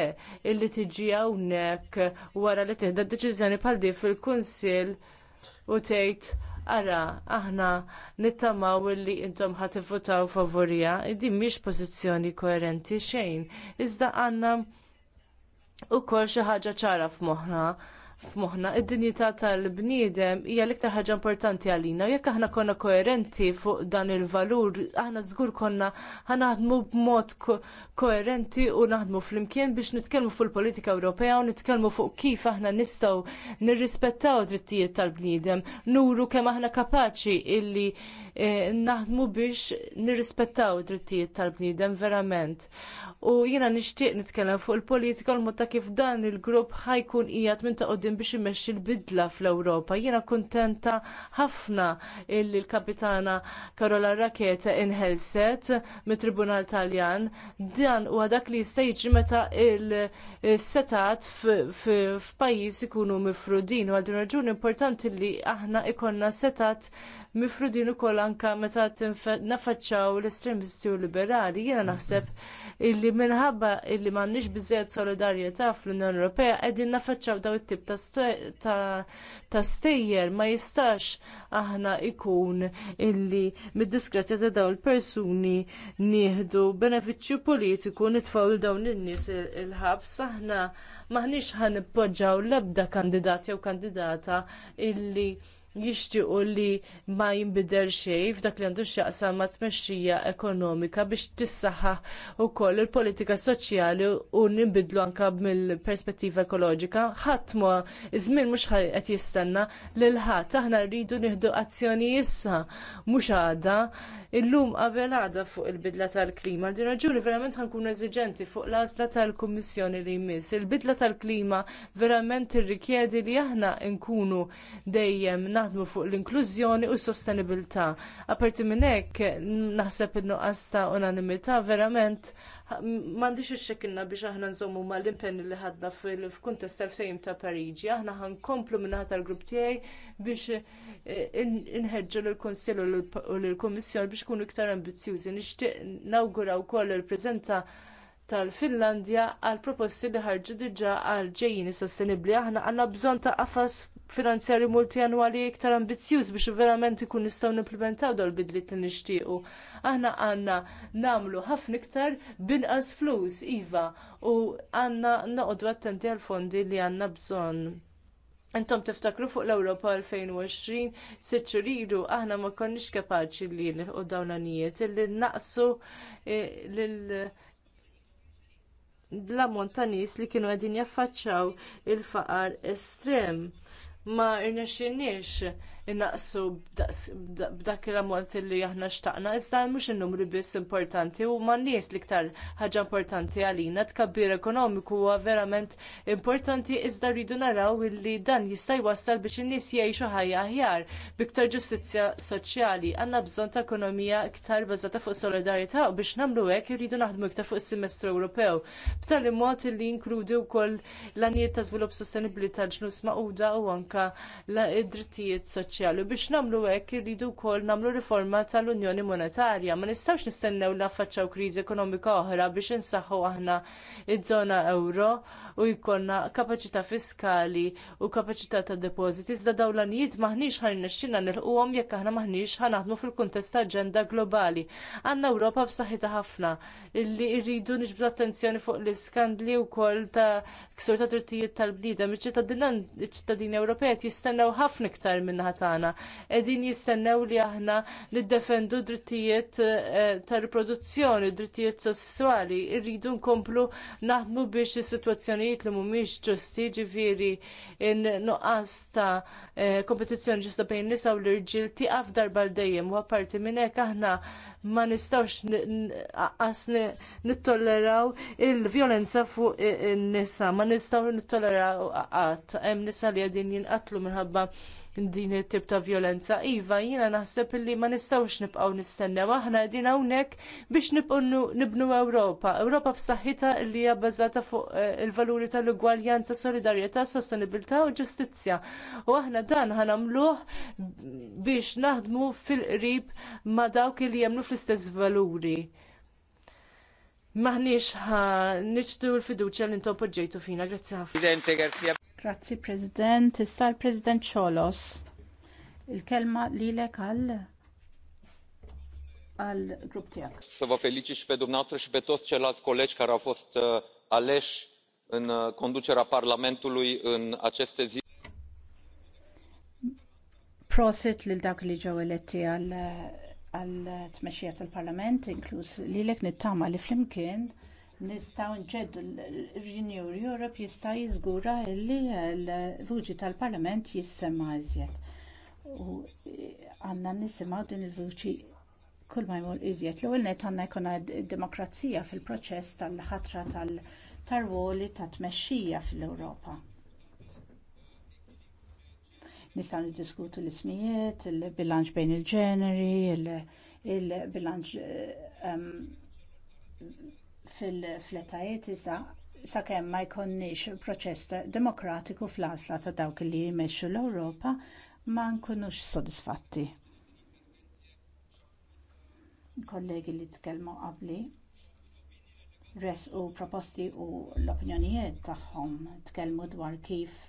illi tiġi hawnhekk wara li tieħda deċiżjoni bħal di fil-Kunsill u tgħid ara aħna nittamaw li intom ħat ivvotaw favorija, din mhix pożizzjoni koerenti xejn. Iżda għandna wkoll xi ħaġa ċara f'moħħna f'moħħna id-dinjità tal-bniedem hija l-iktar ħaġa importanti għalina. Jekk aħna konna koerenti fuq dan il-valur, aħna żgur konna ħanaħdmu b'mod koerenti u naħdmu flimkien biex nitkellmu fuq il-politika Ewropea u nitkellmu fuq kif aħna nistgħu nirrispettaw drittijiet tal-bniedem, nuru kemm aħna kapaċi illi E, naħdmu biex nirrispettaw id-drittijiet tal-bniedem verament. U jiena nixtieq nitkellem fuq il-politika l ta' kif dan il-grupp ħajkun qiegħed minn ta' quddiem biex imexxi l-bidla fl-Ewropa. Jiena kuntenta ħafna l kapitana Karola Raketa inħelset mit-Tribunal Taljan. Dan huwa dak li jista' jiġi meta il-setat f'pajjiż ikunu mifrudin u għal din raġuni importanti li aħna ikonna setat mifrudin ukoll anke meta nafaċċaw l-estremisti u liberali. Jiena naħseb illi minħabba illi m'għandniex biżżejjed solidarjetà fl-Unjoni Ewropea qegħdin nafaċċaw daw it-tip ta' stejjer ma jistax aħna ikun illi mid diskrazja ta' dawn il-persuni nieħdu benefiċċju politiku nitfgħu lil dawn in-nies il-ħabs aħna maħniex ħanippoġġaw l-ebda kandidat jew kandidata illi jixtiequ li ma jinbidel xejn f'dak li għandu x'jaqsam ma tmexxija ekonomika biex tissaħħaħ ukoll il-politika soċjali u nbiddlu anke mill-perspettiva ekoloġika. Ħadd ma iż-żmien mhux qed jistenna lil ħadd aħna rridu nieħdu azzjoni issa mhux għada illum qabel għada fuq il-bidla tal-klima. Din raġuni verament ħankun eżiġenti fuq l-għażla tal-Kummissjoni li jmiss. Il-bidla tal-klima verament irrikjedi li aħna nkunu dejjem naħdmu fuq l-inklużjoni u s-sostenibilità. Apparti minn hekk naħseb in-nuqqas ta' unanimità verament m'għandix ix biex aħna nżommu mal-impenn li ħadna fil-kuntest tal-fejm ta' Pariġi. Aħna ħankomplu min-naħa tal-grupp tiegħi biex eh, inħeġġu lill-Kunsill u lill-Kummissjoni biex ikunu iktar ambizzjużi. Nixtieq nawgura wkoll il-preżenza tal-Finlandja għal proposti li ħarġu diġà għal ġejjini sostenibbli aħna għandna bżonn ta' qafas finanzjari multianwali iktar ambizzjuż biex verament ikun nistgħu nimplementaw dawn il-bidliet li nixtiequ. Aħna għandna nagħmlu ħafna iktar binqas flus iva u għandna noqogħdu attenti għall fondi li għandna bżonn. Intom tiftakru fuq l-Ewropa 2020 siċċuriru aħna ma konniex kapaċi li nilqu dawn l-anijiet li naqsu eh, l-ammont ta' nies li kienu qegħdin jaffaċċjaw il-faqar estrem ma rnexxinniex innaqsu b'dak il-ammont li aħna xtaqna, iżda mhux in-numri biss importanti huma n-nies l-iktar ħaġa importanti għalina tkabbir ekonomiku huwa verament importanti iżda rridu naraw li dan jista' jwassal biex in-nies jgħixu ħajja aħjar b'iktar ġustizzja soċjali. Għandna bżonn ta' ekonomija iktar bażata fuq solidarjetà u biex nagħmlu hekk irridu naħdmu iktar fuq is-semestru Ewropew. B'tali mod li jinkludi wkoll l għanijiet ta' żvilupp sostenibbli tal-ġnus maquda u anke id-drittijiet soċjali soċjali u biex nagħmlu hekk irridu wkoll nagħmlu riforma tal-Unjoni Monetarja. Ma nistgħux nistennew li kriżi ekonomika oħra biex insaħħu aħna iż-żona euro u jkollna kapaċità fiskali u kapaċità ta' depożiti iżda dawn l-anijiet maħniex ħarnexxina nilquhom jekk aħna maħniex naħdmu fil-kuntest ta' aġenda globali. Għandna Ewropa b'saħħitha ħafna illi rridu niġbdu attenzjoni fuq l-iskandli wkoll ta' ksur ta' drittijiet tal-bniedem. Iċ-ċittadini Ewropej qed jistennew ħafna iktar minn tagħna. Qegħdin jistennew li aħna niddefendu drittijiet eh, ta' riproduzzjoni, drittijiet sessuali, irridu nkomplu naħdmu biex is-sitwazzjoni affarijiet li mhumiex ġusti ġifieri in-nuqqas ta' eh, kompetizzjoni ġusta bejn nisa u l-irġiel tieqaf darba l dejjem u apparti minn hekk aħna ma nistgħux qaqqas nittolleraw il-vjolenza fuq in-nisa, ma nistgħu nittolleraw qatt hemm nisa li qegħdin jinqatlu minħabba din it-tip ta' vjolenza. Iva, jiena naħseb illi ma nistgħux nibqgħu nistennew aħna qegħdin hawnhekk biex nibqgħu nibnu Ewropa. Ewropa b'saħħitha li hija bbażata fuq eh, il-valuri tal-ugwaljanza, solidarjetà, sostenibilità u ġustizzja. U aħna dan ħanamluh biex naħdmu fil-qrib ma' dawk li jemlu fl-istess valuri maħniex ħa niċtu l-fiduċa li intom poġġejtu fina. Grazzi ħafna. Grazzi President, issa l-President Xolos. Il-kelma lilek għal għal grupp tiegħek. Sava felici felicit și pe dumneavoastră și pe toți ceilalți colegi fost uh, aleși in uh, conducerea Parlamentului in aceste zi. Prosit lil dak li ġew eletti għal għal tmexxija tal-Parlament, inkluż lilek nittama li flimkien nistgħu nġeddu renew Europe jista' jiżgura li l-vuġi tal-Parlament jissemma iżjed. U eh, għandna nisimgħu din il-vuċi kull ma jmur iżjed. L-ewwel net għandna jkun demokrazija fil-proċess tal-ħatra tal-tarwoli ta' tmexxija fl-Ewropa. Nistgħu niddiskutu l-ismijiet, il-bilanċ bejn il-ġeneri, il-bilanċ eh, fil-fletajiet iżda sakemm ma jkollniex proċess demokratiku fl-għażla ta' dawk li jmexxu l-Ewropa ma nkunux sodisfatti. Kollegi li tkellmu qabli resqu proposti u l-opinjonijiet tagħhom tkellmu dwar kif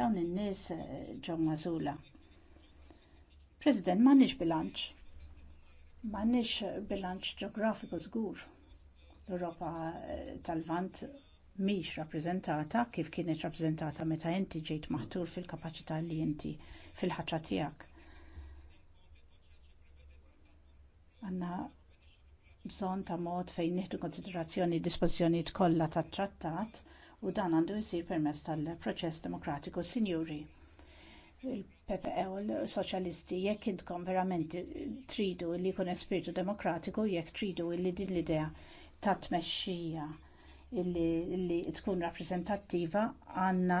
dawn in-nies eh, ġew magħżula. President m'għandniex bilanċ. M'għandniex bilanċ ġeografiku żgur l-Ewropa eh, tal-Vant mhix rappreżentata kif kienet rappreżentata meta inti ġejt maħtur fil-kapaċità li inti fil ħaċa tiegħek. Għandna bżonn ta' mod fejn nieħdu konsiderazzjoni dispożizzjonijiet kollha tat-trattat u dan għandu jsir permezz tal-proċess demokratiku sinjuri il-PPE soċjalisti jekk intkom verament tridu li jkun spiritu demokratiku jekk tridu li din l-idea ta' tmexxija li tkun rappreżentattiva għandna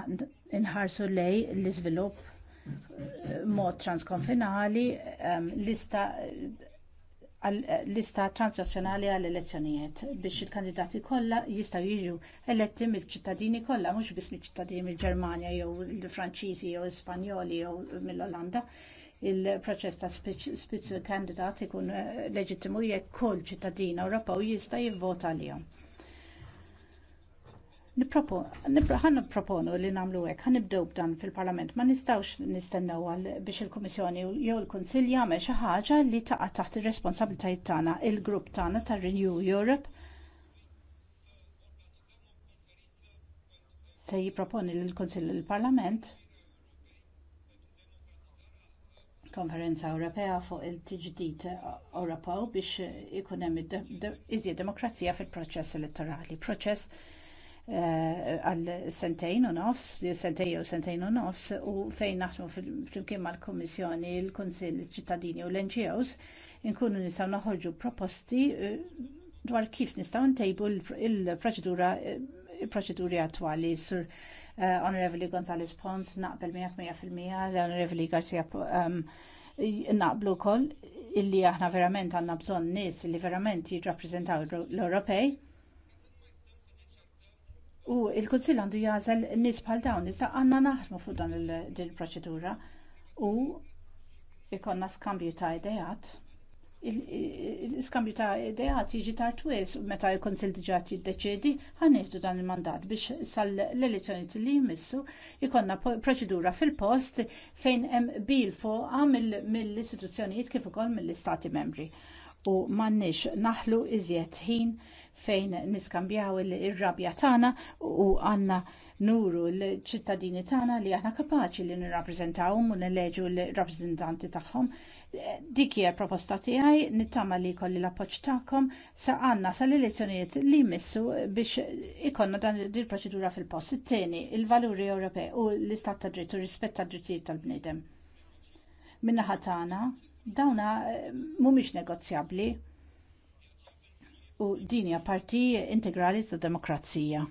nħarsu lej l-iżvilupp eh, mod transkonfinali ehm, lista lista transnazzjonali għall elezzjonijiet biex il-kandidati kollha jistgħu jiġu eletti mill-ċittadini kollha mhux biss mill-ċittadini mill-Ġermanja jew il-Franċiżi jew l Ispanjoli jew mill-Olanda il-proċess ta' spitz kandidat ikun eh, leġittimu jekk kull ċittadin Ewropew jista' jivvota għalihom. Ħan proponu li nagħmlu hekk, ħan nibdew b'dan fil-Parlament, ma nistgħux nistennew għal biex il-Kummissjoni jew il-Kunsill jagħmel xi ħaġa li taqa' taħt ir-responsabbiltajiet tagħna, il-grupp tagħna tar Renew Europe se jipproponi lill-Kunsill il-Parlament konferenza Ewropea fuq il-tiġdid Ewropew biex ikun hemm iżjed demokrazija fil-proċess elettorali. Proċess eh, għal sentejn u nofs, sentejn jew sentejn u nofs, u fejn naħdmu flimkien mal-Kummissjoni, il-Kunsill, il-ċittadini u l-NGOs, inkunu nistgħu noħorġu proposti eh, dwar kif nistgħu ntejbu l-proċedura eh, il-proċeduri attwali sur Eh, Onorevoli Gonzalez Pons, naqbel 100% l Honorevoli Garcia naqblu koll illi aħna verament għanna bżon nis li verament jirrappreżentaw l-Ewropej. U il-Kunsill għandu jażel nis bħal dawn, iżda għanna naħdmu fuq dan il-proċedura u ikonna skambju ta' idejat l-iskambju ta' ideat jiġi ta' twies meta l-Konsil diġà jiddeċiedi ħanieħdu dan il-mandat biex sal-elezzjoni li jmissu jkollna proċedura fil-post fejn hemm bil foqa mill-istituzzjonijiet kif ukoll mill-istati membri. U m'għandniex naħlu iżjed ħin fejn niskambjaw ir-rabja tagħna u għandna nuru l-ċittadini tagħna li aħna kapaċi li nirrappreżentawhom u nelleġu l-rappreżentanti tagħhom Dik hija proposta tiegħi nittama li jkolli l-appoġġ tagħkom sa għandna sal-elezzjonijiet li jmissu biex ikonna dan il proċedura fil-post. It-tieni, il-valuri Ewropej u l-istat ta' dritt u rispett tad drittijiet tal-bniedem. Min-naħa tagħna, dawna eh, mhumiex negozjabbli u din hija parti integrali tad demokrazija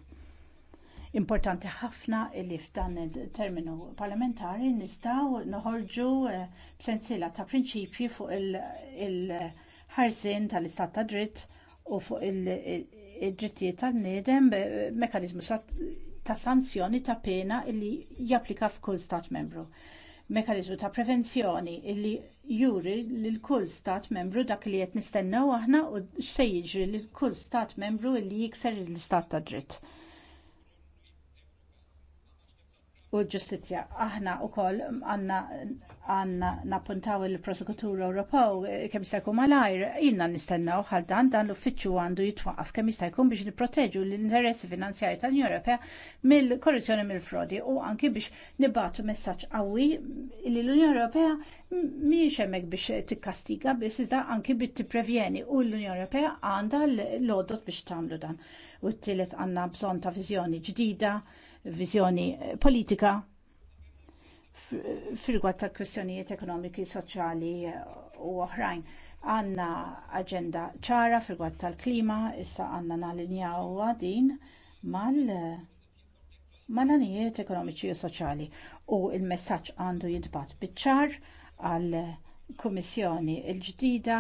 Importanti ħafna li f'dan il-terminu parlamentari nistgħu noħorġu eh, b'sensiela ta' prinċipji fuq il-ħarsien tal-istat ta' dritt u fuq il-drittijiet tal-niedem mekanizmu ta' sanzjoni ta' pena li japplika f'kull stat membru. Mekanizmu ta' prevenzjoni li juri lil kull stat membru dak li qed nistennew aħna u x'se jiġri lil kull stat membru li jikser l-istat ta' dritt u l-ġustizzja. Aħna wkoll għandna nappuntaw il-prosekutur Ewropew kemm jista' jkun malajr, ilna nistennaw bħal dan dan l-uffiċċju għandu jitwaqaf kemm jista' jkun biex nipproteġu l-interessi finanzjarji tal-Ewropea mill-korruzzjoni mill-frodi u anki biex nibatu messaġġ qawwi li l-Unjoni Ewropea mhijiex hemmhekk biex tikkastiga biss iżda anki biex tipprevjeni u l-Unjoni Ewropea għandha l-għodot biex tagħmlu dan. U t-tielet għandna bżonn ta' viżjoni ġdida viżjoni politika firgwat ta' kwistjonijiet ekonomiki, soċjali u oħrajn. Għanna aġenda ċara firgwat tal-klima, issa għanna nalinjaw din mal mal-għanijiet ekonomiċi u soċjali u il-messaġġ għandu jidbat biċ-ċar għal kummissjoni l ġdida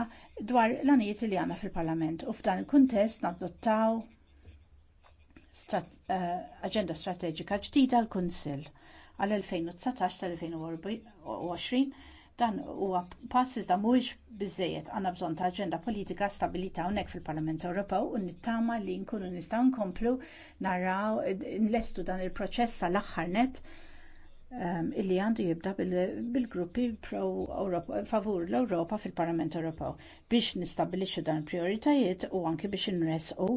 dwar l-għanijiet li għandna fil-Parlament u f'dan il-kuntest nadottaw strat eh, aġenda strateġika ġdida għall kunsill għal 2019-2020 dan huwa pass iżda mhuwiex biżżejjed għandna bżonn ta' aġenda politika stabilita hawnhekk fil-Parlament Ewropew u nittama li nkunu nistgħu nkomplu naraw nlestu dan il-proċess sal-aħħar nett um, ehm, illi għandu jibda bil-gruppi favur l-Ewropa fil-Parlament Ewropew biex nistabilixxu dan il-prioritajiet u anke biex inresqu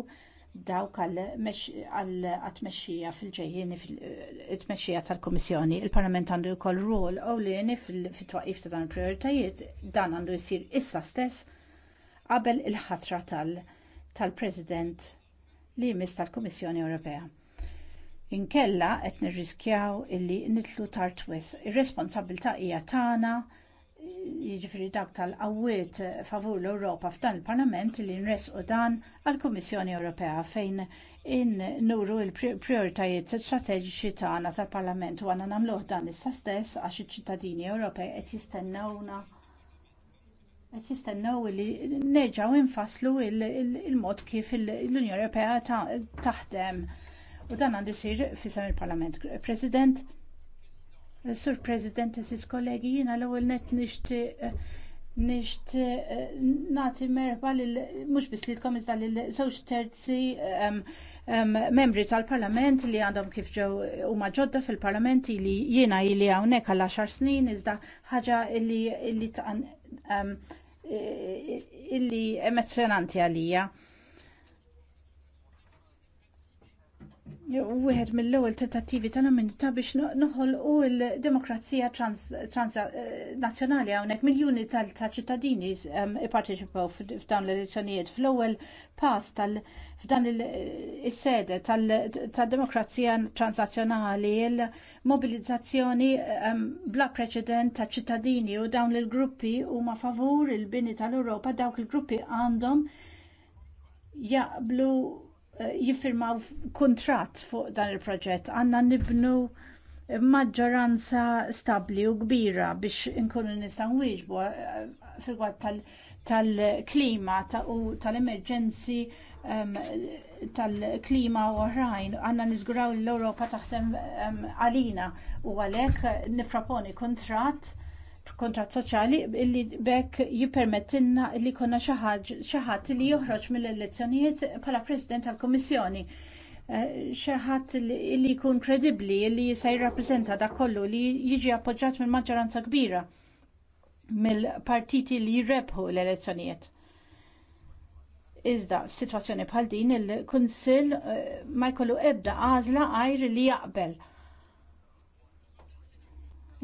dawk għal-tmexxija fil-ġejjini fil-tmexxija tal-Komissjoni. Il-Parlament għandu jkoll rol ewlieni fit-twaqif ta' dan il-prioritajiet dan għandu jisir issa stess qabel il-ħatra tal-President li jmiss tal-Kummissjoni Ewropea. Inkella qed nirriskjaw illi nitlu tard wisq. Ir-responsabilità hija tagħna jiġifieri dak tal-qawwiet favur l-Ewropa f'dan il-Parlament li nresqu dan għall-Kummissjoni Ewropea fejn in nuru l-prijoritajiet strateġiċi tagħna tal-Parlament u għandna nagħmluh dan issa stess għax iċ-ċittadini Ewropej qed jistennewna qed jistennew li nerġgħu infasslu il-mod kif l-Unjoni Ewropea taħdem u dan għandu jsir fisem il-Parlament. President, Sur President, sis kollegi, jiena l-ewwel net nixtieq nisht eh, nati merba lil mhux biss lilkom iżda lil żewġ terzi membri tal-Parlament li għandhom kif ġew huma ġodda fil-Parlament li jiena ili hawnhekk għal 10 snin iżda ħaġa li eh, illi emozjonanti għalija wieħed mill-ewwel tentattivi tal ta' biex noħolqu l-demokrazija transnazzjonali hawnhekk miljuni ta' ċittadini ehm, ipparteċipaw f'dawn l-elezzjonijiet fl-ewwel pass tal f'dan is-sede tad-demokrazija transnazzjonali il-mobilizzazzjoni ehm, bla preċedent ta' ċittadini u dawn il-gruppi huma favur il-bini tal-Ewropa dawk il-gruppi għandhom jaqblu Eh, jiffirmaw kuntratt fuq dan il-proġett għandna nibnu maġġoranza stabbli u kbira biex inkunu nistgħu nwieġbu eh, fil tal-klima u tal-emerġenzi tal-klima u oħrajn għandna niżguraw l-Ewropa taħdem għalina u għalhekk nipproponi kuntratt kontrat soċjali illi bekk jippermettilna li konna xi ħadd li joħroġ mill-elezzjonijiet bħala President tal-Kummissjoni eh, xi ħadd li jkun kredibbli li se jirrappreżenta da kollu li jiġi appoġġjat mill maġġoranza kbira mill-partiti li jirrebħu l-elezzjonijiet. Iżda, f'sitwazzjoni bħal din il-Kunsill eh, ma jkollu ebda għażla għajr li jaqbel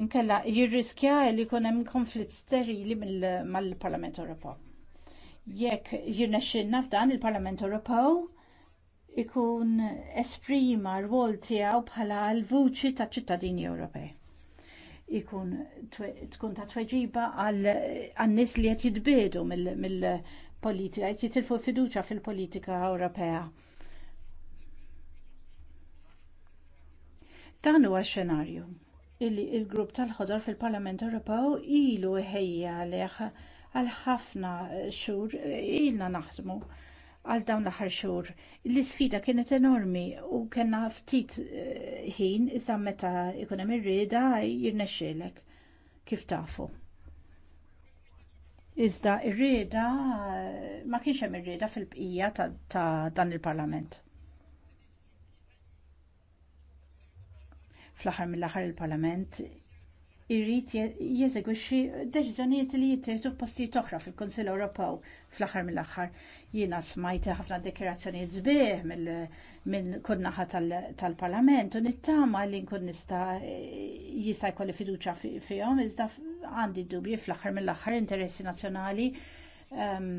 inkella jirriskja li jkun hemm konflitt sterili mal-Parlament Ewropew. Jekk jirnexxinna f'dan il-Parlament Ewropew ikun esprima r-wol tiegħu bħala l-vuċi taċ ċittadini Ewropej ikun tkun ta' tweġiba għal nies li qed jitbiedu mill-politika, qed jitilfu fiduċja fil-politika Ewropea. Dan huwa x-xenarju illi l grupp tal-ħodor fil-Parlament Ewropew ilu ħejja għalih għal ħafna xhur ilna naħdmu għal dawn l-aħħar xhur. L-isfida kienet enormi u kellna ftit eh, ħin iżda meta ikun hemm ir-rieda jirnexxielek kif tafu. Iżda ir-rieda ma kienx hemm ir-rieda fil-bqija ta' dan il-Parlament. Fl-aħħar mill-aħħar il-Parlament irrid jeżegwixxi deċiżjonijiet li jittieħdu f'postijiet oħra fil-Kunsill Ewropew fl-aħħar mill-aħħar. Jiena smajt ħafna dekjarazzjonijiet sbieħ minn kull naħa tal-Parlament u nittama li nkun nista' jista' jkolli fiduċja fihom iżda għandi dubji fl-aħħar mill-aħħar interessi nazzjonali ehm,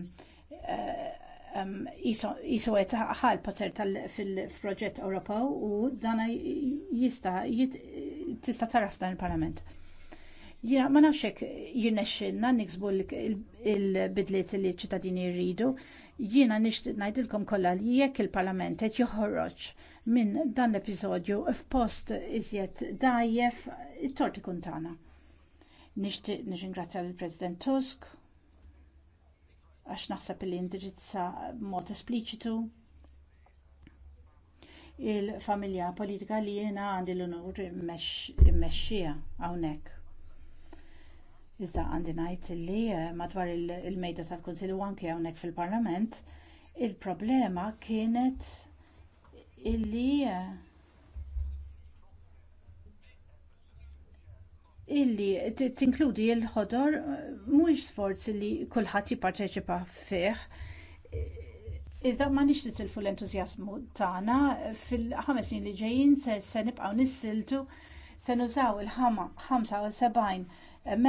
eh, jisu um, għet ħal poter fil-proġett Ewropew u dana jista tista taraf f'dan il-parlament. Jina, ma nafxek jirnexxilna niksbu il-bidliet li ċittadini jridu, jiena nixtieq ngħidilkom kollha li jekk il-Parlament qed joħroġ minn dan l-episodju f'post iżjed dajjef it-torti kun tagħna. Nixtieq nirringrazzja lill-President Tusk għax naħseb li indirizza b'mod espliċitu il-familja politika li jiena għandi l-unur immexxija hawnhekk. Iżda għandi ngħid li eh, madwar il-mejda tal-Kunsill u anke hawnhekk fil-Parlament, il-problema kienet illi eh, illi tinkludi l-ħodor eh, mhux sforz li kulħadd jipparteċipa fih. Iżda ma nix nitilfu l-entużjażmu tagħna fil-ħames snin li ġejjin se, se nibqgħu nissiltu se nużaw il-75 eh,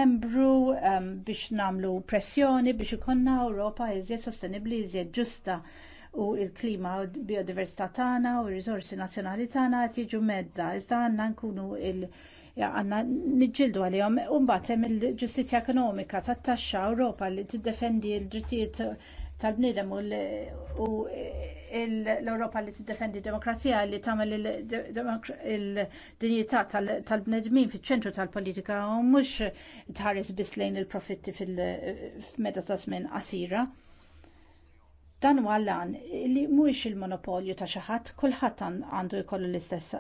membru ehm, biex nagħmlu pressjoni biex ikonna Ewropa iżjed sostenibbli iżjed ġusta u l klima u biodiversità tagħna u r-riżorsi nazzjonali tagħna qed jiġu medda iżda għandna nkunu il- għanna nġildu għalihom u mbagħad hemm il-ġustizzja ekonomika tat-taxxa Ewropa li tiddefendi l-drittijiet tal-bniedem u l-Ewropa li tiddefendi d-demokrazija li tagħmel il-dinjità tal-bnedmin fiċ-ċentru tal-politika u mhux tħares biss lejn il-profitti fil-meta ta' żmien qasira. Dan huwa lan li mhuwiex il-monopolju ta' xi ħadd, kulħadd għandu jkollu l-istess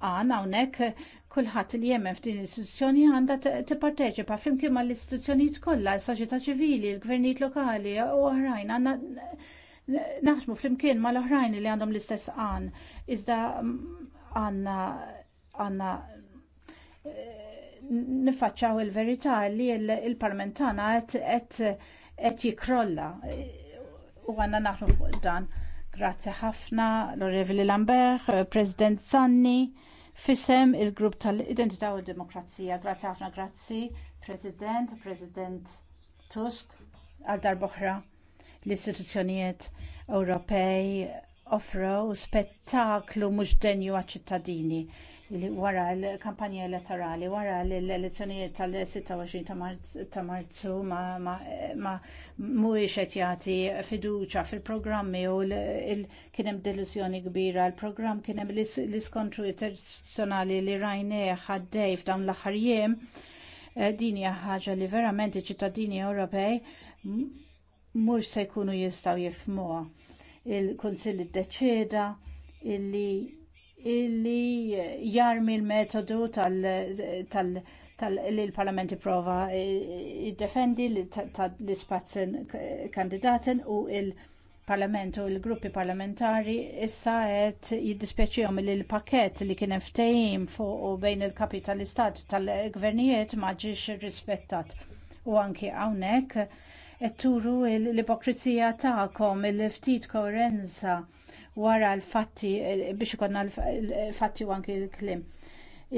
għana hawnhekk kulħadd li jemmen f'din l-istituzzjoni għandha tipparteċipa flimkien mal istituzzjonijiet kollha, s-soċjetà ċivili, l-gvernijiet lokali u oħrajn għanna naħdmu flimkien mal-oħrajn li għandhom l-istess għan. Iżda mm, għandna għandna eh, nifacċaw il-verità li l-parlament tagħna qed jikrolla u għandna naħsmu fuq dan. Grazzi ħafna l-Orevili Lambert, President Sanni fisem il-grupp tal-Identità u Demokrazija. Grazzi ħafna, grazzi, President, President Tusk, għal darboħra l-istituzzjonijiet Ewropej offro, spettaklu mhux denju għaċ-ċittadini wara l-kampanja elettorali, wara l-elezzjonijiet tal-26 ta' Marzu ma mhuwiex qed jagħti fiduċja fil-programmi u kien hemm delusjoni kbira. l programm kien hemm l-iskontru internazzjonali li rajnieh ħaddej f'dawn l-aħħar jiem. Eh, din hija ħaġa li verament iċ-ċittadini Ewropej mhux se jkunu jistgħu jifhmuha. Il-Kunsill iddeċieda illi illi jarmi l-metodu tal- li l parlament prova jiddefendi eh, l-ispazzen kandidaten u il-parlament u l-gruppi parlamentari issa qed jiddispjaċihom li l paket li kien ftehim fuq u bejn il-kapi tal-istat tal-gvernijiet ma ġiex irrispettat. U anki hawnhekk qed turu l-ipokrizija tagħkom il-ftit koerenza wara l-fatti biex ikonna l-fatti u anki l-klim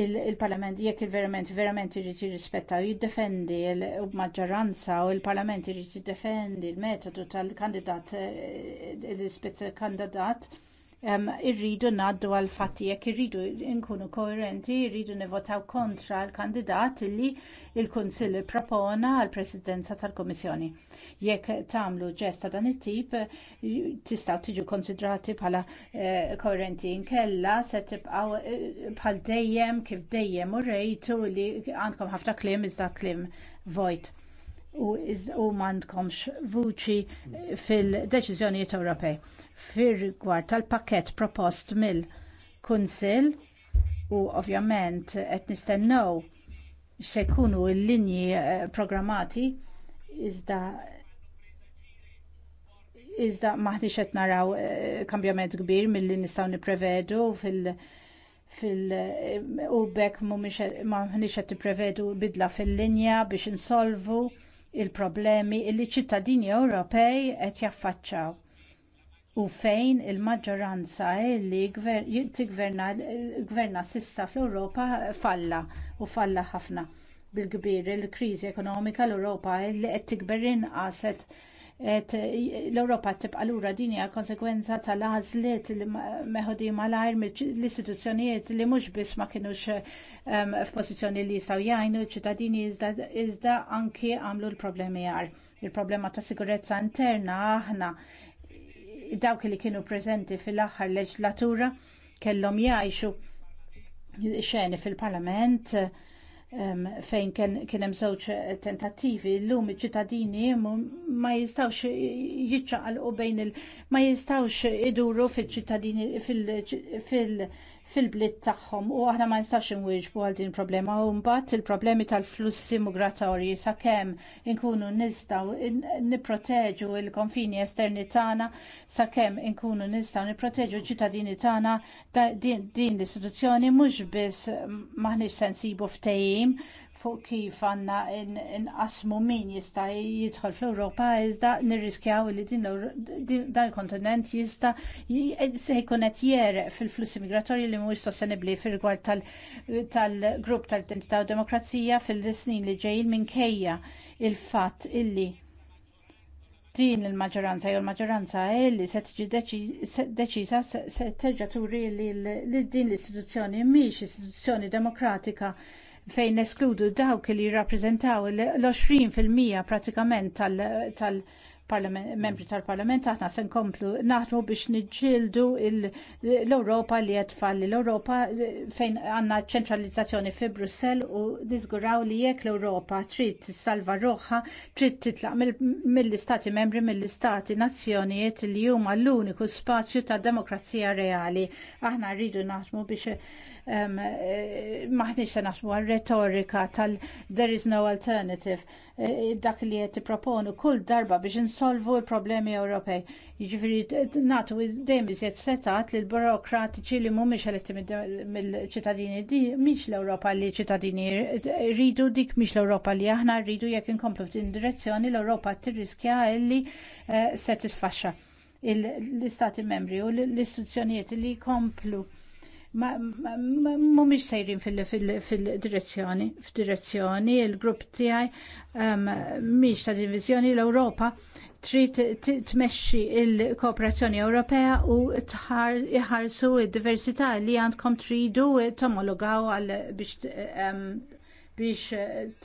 il-parlament jekk il-verament verament irid jirrispetta u jiddefendi l-maġġoranza u l-parlament irid jiddefendi l-metodu tal-kandidat eh, l-ispezz kandidat irridu naddu għal fatti jekk irridu nkunu koerenti, irridu nivotaw kontra l-kandidat li l-Kunsill propona għall presidenza tal-Kummissjoni. Jekk tagħmlu ġest ta' dan it-tip, tistaw tiġu konsidrati bħala eh, koerenti inkella se tibqgħu eh, bħal dejjem kif dejjem u rejtu li għandkom ħafna kliem iżda klim vojt u, u mandkomx vuċi fil-deċiżjonijiet Ewropej fir-rigward tal-pakket propost mill-Kunsill u ovvjament qed nistennew se jkunu l-linji eh, programmati iżda iżda maħniex qed naraw eh, kambjament kbir milli nistgħu nipprevedu fil- fil u bekk maħniex qed nipprevedu bidla fil-linja biex insolvu l problemi li ċittadini Ewropej qed jaffaċċjaw u fejn il-maġġoranza li tigverna s'issa fl-Ewropa falla u falla ħafna bil-kbir il-kriżi ekonomika l-Ewropa li qed tikber inqas l-Ewropa tibqa' lura din hija konsegwenza tal-għażliet li meħodi malajr l-istituzzjonijiet li mhux biss ma kinux f'pożizzjoni li jistgħu jgħinu ċ-ċittadini iżda anki għamlu l-problemi għar. Il-problema ta' sigurezza interna aħna dawk li kienu preżenti fil-aħħar leġislatura kellhom jgħixu xeni fil-Parlament um, fejn kien hemm żewġ tentattivi llum iċ-ċittadini ma jistgħux jiċċaqalqu bejn il ma jistgħux iduru fiċ-ċittadini fil-, -ċittadini, fil fil-bliet tagħhom u aħna ma nistax inwieġbu għal din problema u mbagħad il-problemi tal-flussi migratorji sakemm inkunu nistgħu nipproteġu l-konfini esterni tagħna sakemm inkunu nistgħu nipproteġu ċ-ċittadini tagħna din l-istituzzjoni mhux biss maħniex sensibu ftehim fuq kif għandna inqasmu min jista' jidħol fl-Ewropa iżda nirriskjaw li dan il-kontinent jista' se jkun qed jereq fil-flussi migratorji li mhuwiex sostenibbli fir-rigward tal-grupp tal grupp tal identità u demokrazija fil-snin li ġejjin minkejja il-fatt illi din il-maġġoranza jew il-maġġoranza li se tiġi deċiża se terġa' turi li din l-istituzzjoni mhix istituzzjoni demokratika fejn eskludu dawk li jirrappreżentaw l-20% pratikament tal-membri tal-parlament aħna se nkomplu naħdmu biex niġġieldu l-Ewropa li qed tfalli l-Ewropa eh, fejn għandna ċentralizzazzjoni fi Brussell u niżguraw li jekk l-Ewropa trid tissalva ruħha trid titlaq mill-istati membri mill-istati nazzjonijiet li huma l-uniku spazju tad demokrazija reali. Aħna rridu naħdmu biex Eh, maħni se naħsbu għal retorika tal there is no alternative eh, dak li qed proponu kull darba biex insolvu l-problemi Ewropej. Jiġifieri nagħtu dejjem iżjed setat lil burokratiċi li mhumiex eletti mill-ċittadini di mhix l-Ewropa li ċittadini rridu dik mhix l-Ewropa li aħna rridu jekk inkomplu f'din direzzjoni l-Ewropa tirriskja illi eh, se tisfaxxa l-istati membri u l-istituzzjonijiet li jkomplu mumiex sejrin fil-direzzjoni, f'direzzjoni, il-grupp tiegħi um, mhix ta' diviżjoni l-Ewropa trid tmexxi il-kooperazzjoni Ewropea u iħarsu id-diversità li għandkom tridu tomologaw għal biex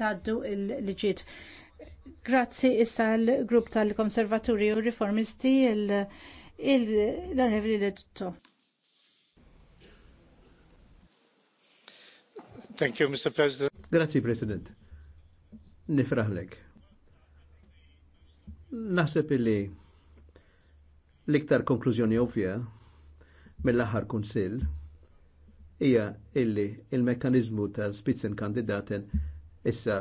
taddu um, uh, il-liġiet. Grazzi issa l-grupp tal-Konservaturi u Riformisti l-Onorevoli Letto. Thank you, Mr. President. Grazzi, President. Nifraħlek. Naħseb li l-iktar konklużjoni ovvja mill-aħħar kunsil hija illi il-mekkanizmu tal-spitzen kandidaten issa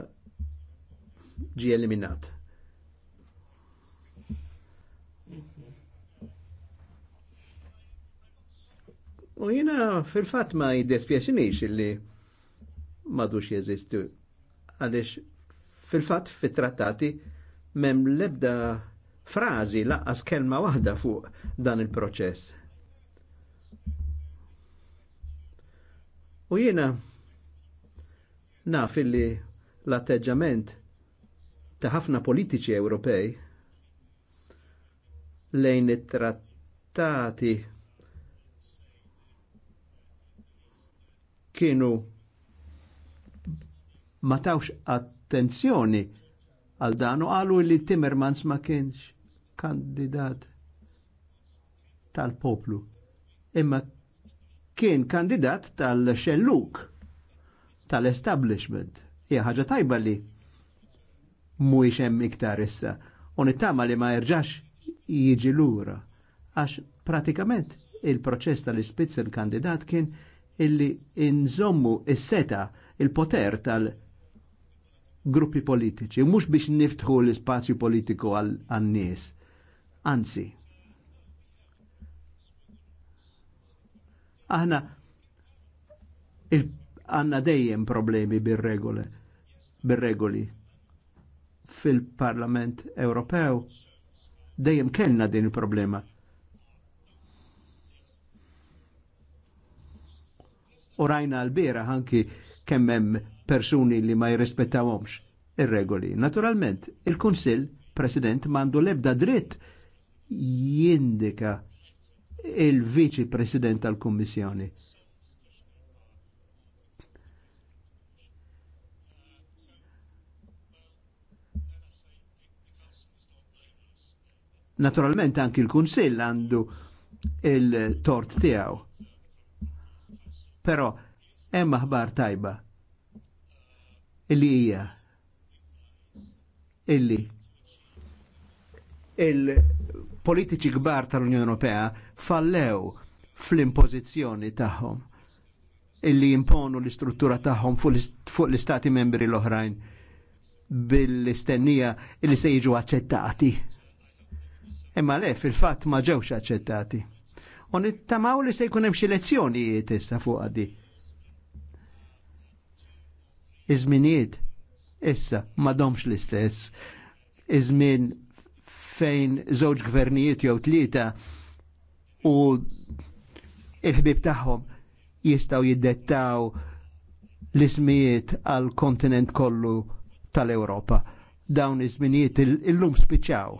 ġi eliminat. U jina fil-fat ma jiddespjaxinix illi madux jeżistu. Għalix fil-fat fit-trattati mem lebda frażi laqqas kelma waħda fuq dan il-proċess. U jiena naf illi l-atteġġament ta' ħafna politiċi Ewropej lejn it-trattati kienu ma tawx attenzjoni għal dan u għalu li Timmermans ma kienx kandidat tal-poplu. Imma kien kandidat tal-xelluk, tal-establishment. Hija ħaġa tajba li mhuwiex hemm iktar issa. U nittama li ma jerġax jiġi lura. Għax pratikament il-proċess tal-ispizzer kandidat kien illi inżommu is-seta il-poter tal gruppi politiċi, mhux biex niftħu l-ispazju politiku għal-nies. Anzi, aħna għanna dejjem problemi bir-regole, bil regoli fil-Parlament Ewropew dejjem kellna din il-problema. U rajna l-bira anki kemmem persuni li ma jirrispettawhomx ir-regoli. Naturalment, il-Kunsill President mandu lebda dritt jindika il-Viċi President tal-Kummissjoni. Naturalment anki l-Kunsill għandu il-tort tiegħu. Però hemm aħbar tajba illi hija illi il-politiċi kbar tal-Unjoni Ewropea fallew fl-impożizzjoni tagħhom illi imponu l-istruttura tagħhom fuq l-istati membri l-oħrajn bil-istennija illi se jiġu aċċettati. Imma le fil-fatt ma ġewx aċċettati. U nittamaw li se jkun hemm xi lezzjonijiet issa fuq di. Iż-żminijiet issa m'għadhomx l-istess. Iż-żmien fejn żewġ gvernijiet jew tlieta u il-ħbib tagħhom jistgħu jiddettaw l-ismijiet għal kontinent kollu tal-Ewropa. Dawn iż-żminijiet illum spiċċaw.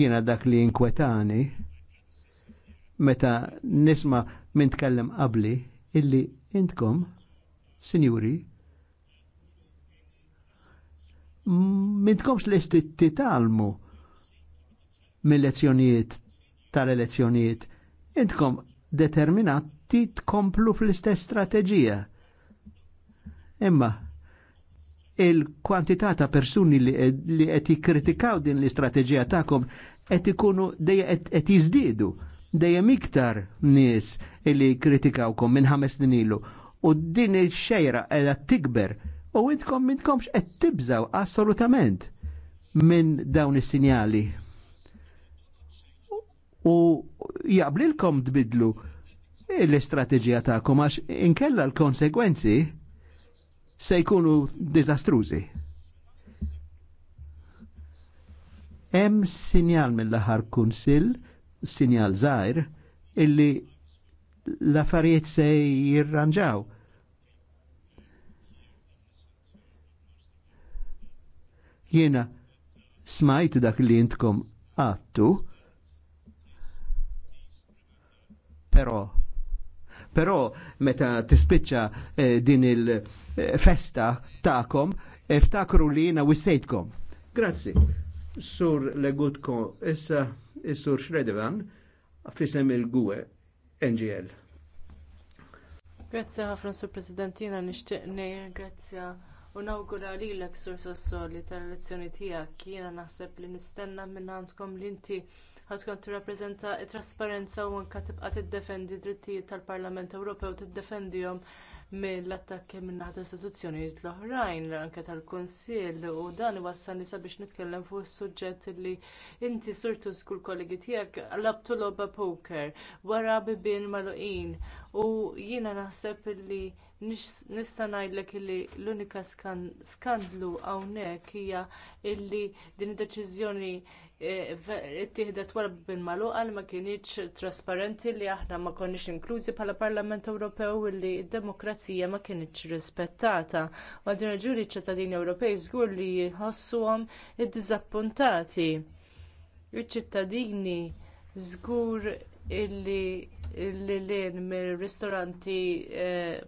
Jiena dak li inkwetani meta nisma' min tkellem qabli illi intkom, sinjuri, l lesti titalmu mill-lezzjonijiet tal-elezzjonijiet. Intkom determinati tkomplu fl-istess strateġija. Imma il-kwantità ta' persuni li e- qed jikkritikaw din l-istrateġija tagħkom qed ikunu dejja qed jiżdiedu dejjem iktar nies illi kritikawkom minn ħames din ilu u din il-xejra qiegħda tikber u intkom mintkomx qed tibżaw assolutament minn dawn is-sinjali. U jaqblilkom tbidlu l-istrateġija tagħkom għax inkella l-konsegwenzi se jkunu diżastrużi. Hemm sinjal mill-aħħar kunsill, sinjal żgħir, illi l-affarijiet se jirranġaw Jiena smajt dak li jintkom għattu, Pero, pero meta tispiċċa eh, din il-festa ta'kom, iftakru li jiena wissejtkom. Grazzi. Sur legutko, issa sur Shredevan, fisem il-GUE NGL. Grazie, ħafna sur Presidentina, nishtiq grazie. grazzi u nawgura lilek sur soli tal-elezzjoni tiegħek jiena naħseb li nistenna minn għandkom li inti tkun tirrappreżenta t-trasparenza u anke tibqa' tiddefendi d-drittijiet tal-Parlament Ewropew tiddefendihom mill-attakki minn naħa tal-istituzzjonijiet l-oħrajn anke tal-Kunsill u dan iwassalni sabiex nitkellem fuq is-suġġett li inti surtu skull kollegi tiegħek labtu logħba poker wara bibien magħluqin u jiena naħseb li nista' ngħidlek li l-unika skandlu hawnhekk hija illi din id-deċiżjoni e, ttieħdet wara bin magħluqa li ma kinitx trasparenti li aħna ma konniex inklużi bħala Parlament Ewropew li d-demokrazija ma kinitx rispettata. U għadin raġuni ċ-ċittadini Ewropej żgur li jħossuhom iddiżappuntati. Iċ-ċittadini żgur illi l-lin mir-ristoranti eh,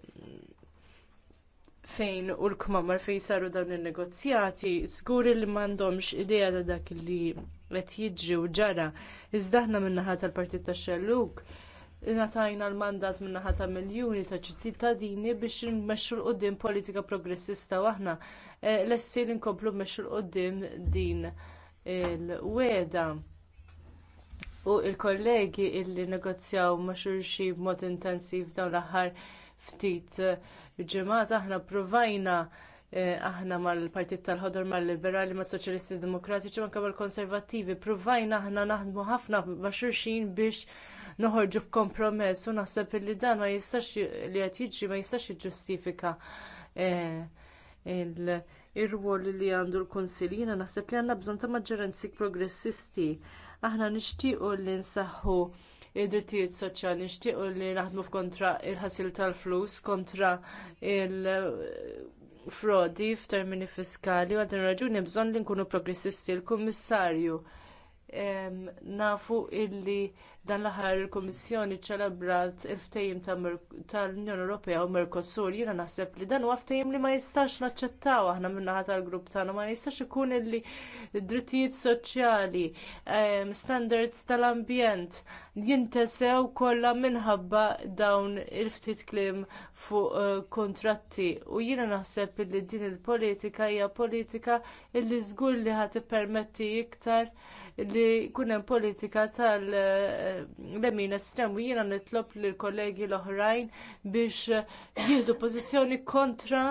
fejn u l-kmamar fejn saru dawn in-negozjati, żgur li m'għandhomx idea ta' dak li qed jiġri u ġara. Iżda aħna min-naħa tal-Partit tax-Xellug ingħatajna l-mandat min-naħa ta' miljuni ta' ċittadini biex nmexxu l quddiem politika progressista u aħna eh, lesti nkomplu mmexxu l quddiem din il-weda u l-kollegi illi negozjaw ma' xulxin b'mod intensiv dawn l-aħħar ftit eh, ġimgħat aħna provajna eh, aħna mal-Partit tal-Ħodor mal-Liberali mas Soċjalisti Demokratiċi anke mal-Konservattivi provajna aħna naħdmu ħafna ma' xulxin biex noħorġu b'kompromess u naħseb li dan ma jistax li qed jiġri ma jistax jiġġustifika eh, ir-rwol li għandu l-Kunsill. Jiena naħseb li għandna bżonn ta' maġġoranzi progressisti Aħna nixtiequ li nsaħħu id-drittijiet soċjali nixtiequ li naħdmu kontra il-ħasil tal-flus kontra il-frodi f'termini fiskali u għal din raġuni bżonn li nkunu progressisti l-Kummissarju nafu illi dan l-aħħar il-Kummissjoni ċċelebrat il-ftehim tal-Unjoni Ewropea u Mercosur jiena naħseb li dan huwa ftehim li ma jistax naċċettaw aħna min-naħa tal-grupp tagħna ma jistax ikun illi drittijiet soċjali, standards tal-ambjent jintesew kollha minħabba dawn il-ftit kliem fuq eh, kuntratti u jiena naħseb li din il-politika hija politika li żgur li ħadd ippermetti iktar li jkun hemm politika tal bemmin estrem u jiena nitlob lill kollegi l-oħrajn biex jieħdu pożizzjoni kontra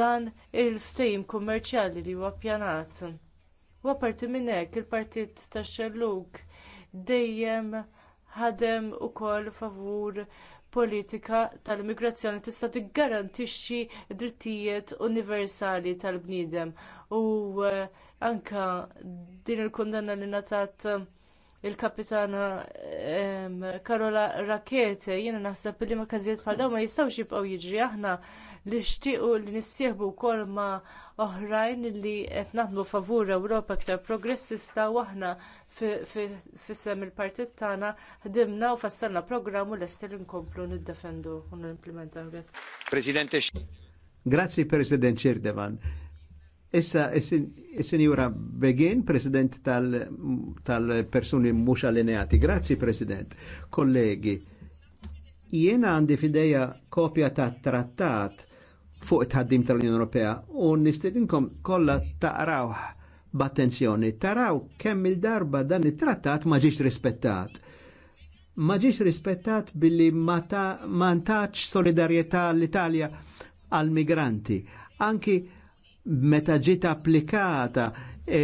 dan il-ftehim kummerċjali li huwa ppjanat. U apparti minn hekk il-Partit tax-Xelluk dejjem ħadem ukoll favur politika tal-immigrazzjoni tista' tiggarantixxi d drittijiet universali tal-bniedem u anka din il-kundanna li natat um, il-kapitana Karola um, Rakete jiena naħseb li ma każijiet bħal dawn ma jistgħux jibqgħu jiġri aħna li xtiequ li nissieħbu wkoll ma' oħrajn li qed favur Ewropa aktar progressista u aħna fissem il-partit tagħna ħdimna u fassalna programm u lest nkomplu niddefendu u nimplementaw. Presidente Grazzi President Xirdevan. Issa, il-Sinjura Begin, President tal personi tal Mux Allineati. Grazie, President. Kollegi, jiena għandi fideja kopja ta' trattat fuq it-ħaddim tal-Unjoni Ewropea u nistedinkom kollha taqraw b'attenzjoni, taraw kemm il-darba dan it-trattat ma ġiex rispettat. Ma ġiex rispettat billi ma ntaċ solidarjetà l-Italja għal migranti. Anki meta ġiet applikata e,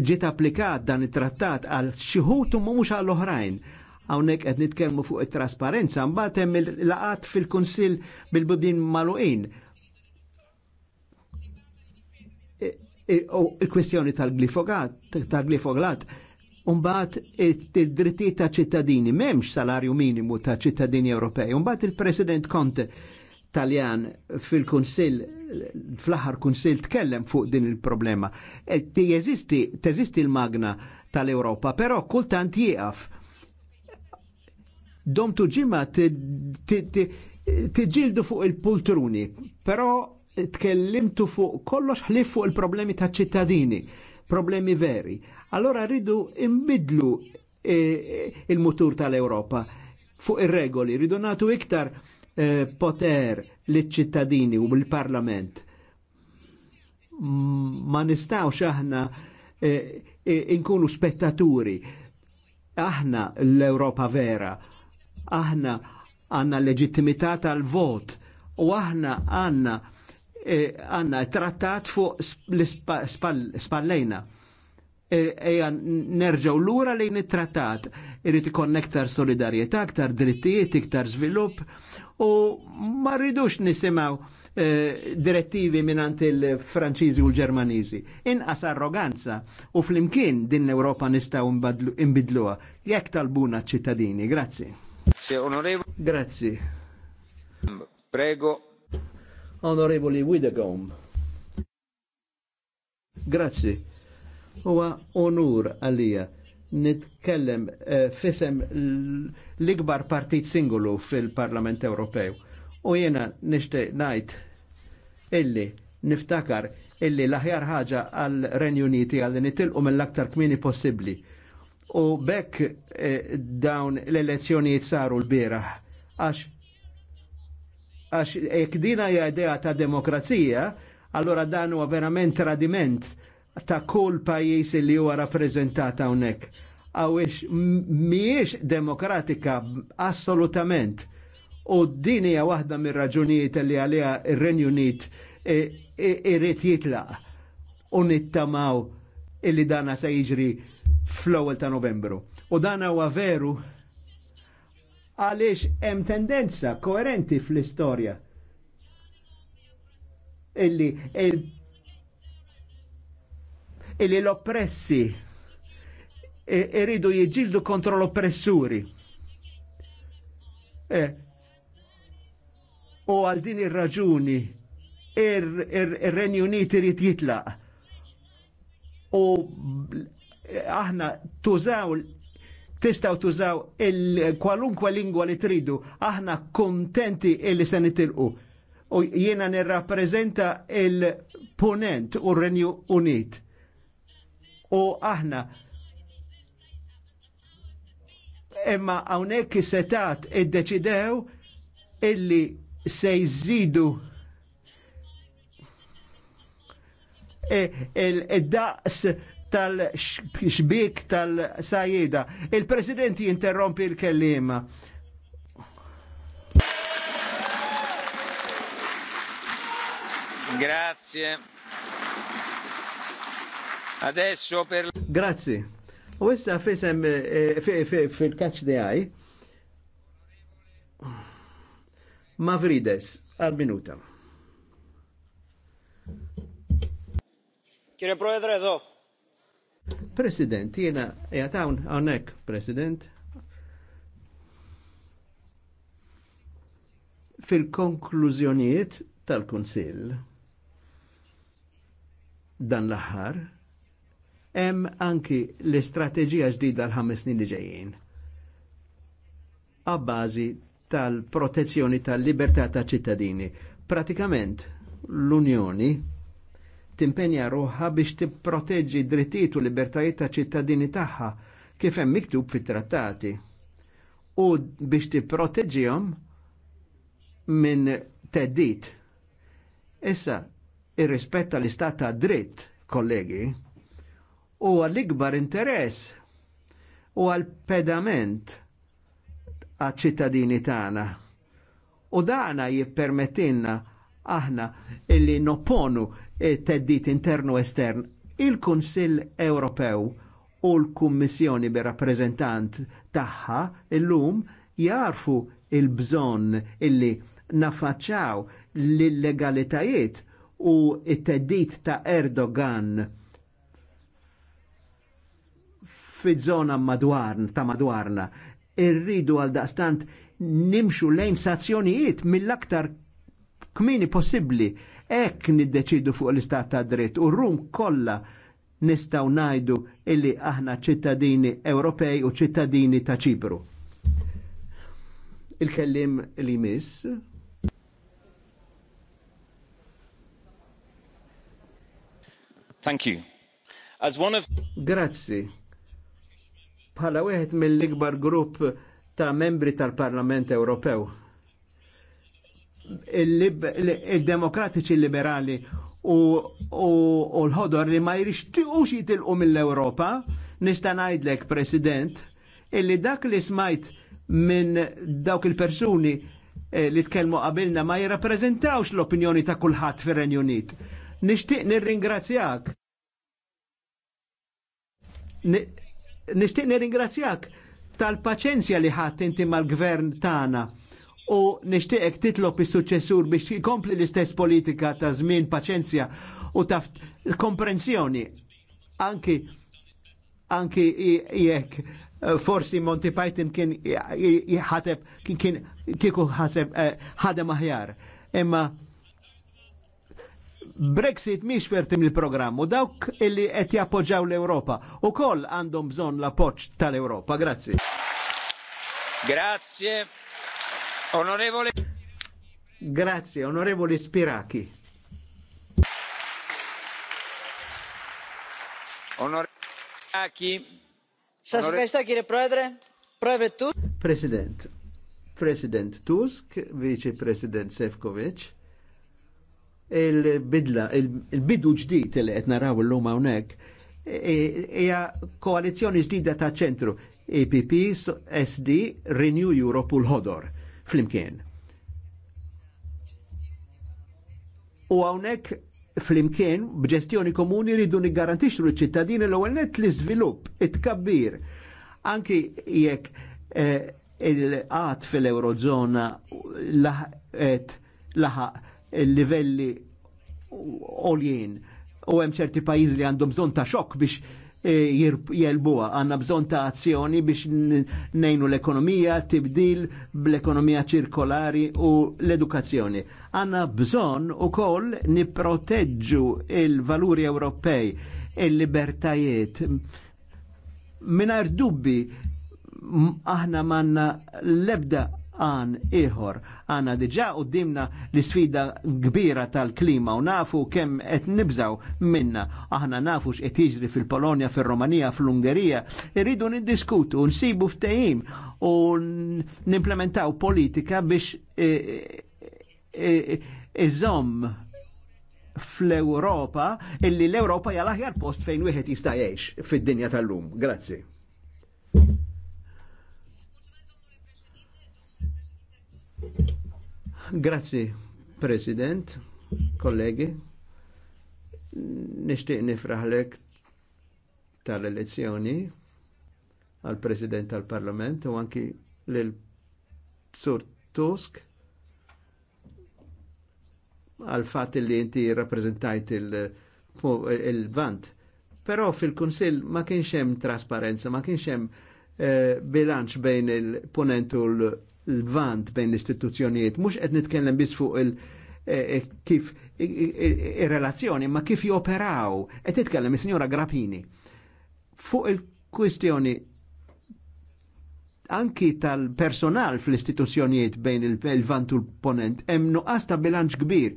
ġiet applikat dan it-trattat għal xiħut u mhux għall oħrajn Hawnhekk qed nitkellmu fuq it-trasparenza mbagħad hemm il-laqat fil-Kunsill bil-bibin maluqin. E, e, il kwistjoni tal-glifogat, tal-glifoglat, Umbat id-drittijiet ta' ċittadini, memx salarju minimu ta' ċittadini Ewropej. Umbat il-President Conte Taljan fil-Kunsill fl-aħħar kunsil tkellem fuq din il-problema. E, teżisti l-magna tal-Europa, però kultant jieqaf. Domtu ġimma tiġildu fuq il-pultruni, però tkellimtu fuq kollox ħlif fuq il-problemi ta' ċittadini, problemi veri. Allora rridu imbidlu e, il-mutur tal-Europa fuq ir-regoli, rridu natu iktar e, poter l-ċittadini u bil parlament Ma nistaw aħna eh, eh, inkunu spettaturi. Aħna l-Europa vera, aħna għanna leġittimità tal-vot u aħna għanna eh, għanna trattat fuq l-spallejna. E, e, nerġaw l-ura lejn it-trattat irrid ikon aktar solidarjetà, aktar drittijiet, iktar żvilupp u ma rridux nisimgħu eh, direttivi minant il-Franċiżi u l-Ġermaniżi. Inqas arroganza u flimkien din l-Ewropa nistgħu nbidluha jekk talbuna ċittadini. Grazzi. Grazie, onorevoli. Grazzi. Prego. Onorevoli Widegom. Grazzi. Huwa onur għalija nitkellem eh, fisem l-ikbar partit singolu fil-Parlament Ewropew. U jena nishtiq najt illi niftakar illi l-aħjar ħaġa għal Renju Uniti għal nitilqu mill-aktar kmini possibli. U bekk eh, dawn l-elezzjonijiet saru l-biraħ għax għax jekk dina hija idea ta' demokrazija, allora dan huwa verament tradiment ta' kull pajjiż li huwa rappreżentat hawnhekk. Għawiex mhijiex demokratika assolutament. U din hija waħda mir-raġunijiet li għaliha ir-Renju Unit e, e, irrid jitlaq u nittamaw illi dana se jiġri fl-ewwel ta' Novembru. U dana huwa veru għaliex hemm tendenza koerenti fl-istorja illi illi l-oppressi e, iridu e, jiġildu kontra l-oppressuri. E, u għal din ir-raġuni ir-Renju ir, Unit irid jitlaq. U aħna tużaw tistaw tużaw il-kwalunkwa lingwa li tridu, aħna kontenti illi se nitilqu. U jiena nirrappreżenta il-ponent u r-Renju Unit u aħna imma għawnek setat id-deċidew illi se jizzidu e, il-daqs tal-xbik tal sajida Il-President jinterrompi il-kellima. Grazie. Adesso per... Grazzi. U issa fisem eh, fil catch di għaj. Mavrides, għal-minuta. Kire proedre do. President, jena jgħatawn għonek, President. Fil-konklużjonijiet tal-Kunsill dan l-aħħar hemm anki l-istrateġija ġdida l-ħames snin li ġejjin. Abbażi tal-protezzjoni tal-libertà ta' ċittadini. Pratikament l-Unjoni timpenja ruħha biex tipproteġġi drittijiet u libertajiet ta' ċittadini tagħha kif hemm miktub fit-trattati u biex tipproteġġihom minn teddit. Issa, ir-rispett tal-istat ta' dritt, kollegi, u l ikbar interess u għal-pedament għal-ċittadini tagħna. U dana jippermettilna aħna illi nopponu teddit internu estern il-Kunsill Ewropew u l-Kummissjoni bi rappresentant tagħha illum jarfu il-bżonn illi naffaċċaw l-legalitajiet u t teddit ta' Erdogan fiż-żona madwarn ta' madwarna. Irridu għal daqstant nimxu lejn sazzjonijiet mill-aktar kmini possibbli. Ek niddeċidu fuq l-istat ta' dritt u rum kollha nistaw najdu illi aħna ċittadini Ewropej u ċittadini ta' Ċipru. Il-kellim li miss. Thank you. As one of Grazzi bħala wieħed mill-ikbar grupp ta' membri tal-Parlament Ewropew. Il-demokratiċi liberali u, l-ħodor li ma jirix tiqux jitilqu mill-Europa, nista' ngħidlek President, illi dak li smajt minn dawk il-persuni eh, li tkellmu qabilna ma jirrappreżentawx l-opinjoni ta' kulħadd fir-Renju Unit. Nixtieq nirringrazzjak Nishtiq nirringrazzjak tal-paċenzja li ħadd inti mal-gvern tagħna u nishtiqek titlob is-suċessur biex jkompli l-istess politika ta' żmien paċenzja u ta' komprensjoni anki anki jekk eh, forsi Monty Python kien jħateb kien kieku ħaseb eh, ħadem aħjar imma Brexit miex fertim il-programm u dawk illi qed jappoġġaw l-Ewropa u koll għandhom bżonn l-appoġġ tal-Ewropa. Grazzi. Grazie. Onorevole. Grazie, onorevole Spiraki. Onorevole Spiraki. Σας ευχαριστώ κύριε Πρόεδρε. Πρόεδρε Τούσκ. President. President Tusk, vicepresident Sefcovic il-bidla, il-bidu ġdid il qed naraw l-lum hawnhekk e, hija koalizjoni ġdida ta' ċentru EPP, SD, Renew Europe u l-ħodor flimkien. U hawnhekk flimkien b'ġestjoni komuni rridu niggarantixxu l-ċittadini l-ewwel net l-iżvilupp, it-tkabbir. Anki jekk eh, il-qat fil-Eurozona laħet laħaq livelli oljien u hemm ċerti pajjiżi li għandhom bżonn ta' xokk biex e, jelbuha, għandna bżonn ta' azzjoni biex nejnu l-ekonomija, tibdil bl-ekonomija ċirkolari u l-edukazzjoni. Għandna bżonn ukoll nipproteġġu il-valuri Ewropej, il-libertajiet. Minar dubbi, aħna manna lebda għan iħor. Għana diġa u dimna l-sfida kbira tal-klima u nafu kem et nibżaw minna. Aħna nafu x'qed jiġri fil-Polonja, fil romania fil-Ungerija. Irridu niddiskutu, nsibu ftehim u nimplementaw politika biex e, e, e fl-Europa illi l-Europa jgħal aħjar post fejn wieħed jista' jgħix fid-dinja tal-lum. Grazzi. Grazzi, President, kollegi. Nishtiq nifraħlek tal-elezzjoni għal President tal-Parlament u anki lil Sur Tusk għal fat li inti rappresentajt il-vant. Però fil-Kunsil ma kienx hemm trasparenza, ma kienx hemm eh, bilanċ bejn il-ponent u l l-vant bejn l-istituzzjonijiet, mhux qed nitkellem biss fuq il- e- e- kif ir-relazzjoni ma kif joperaw. Qed titkellem is-Sinjora Grappini fuq il-kwistjoni anki tal-personal fl-istituzzjonijiet bejn il-vant u l-ponent hemm nuqqas ta' bilanċ kbir.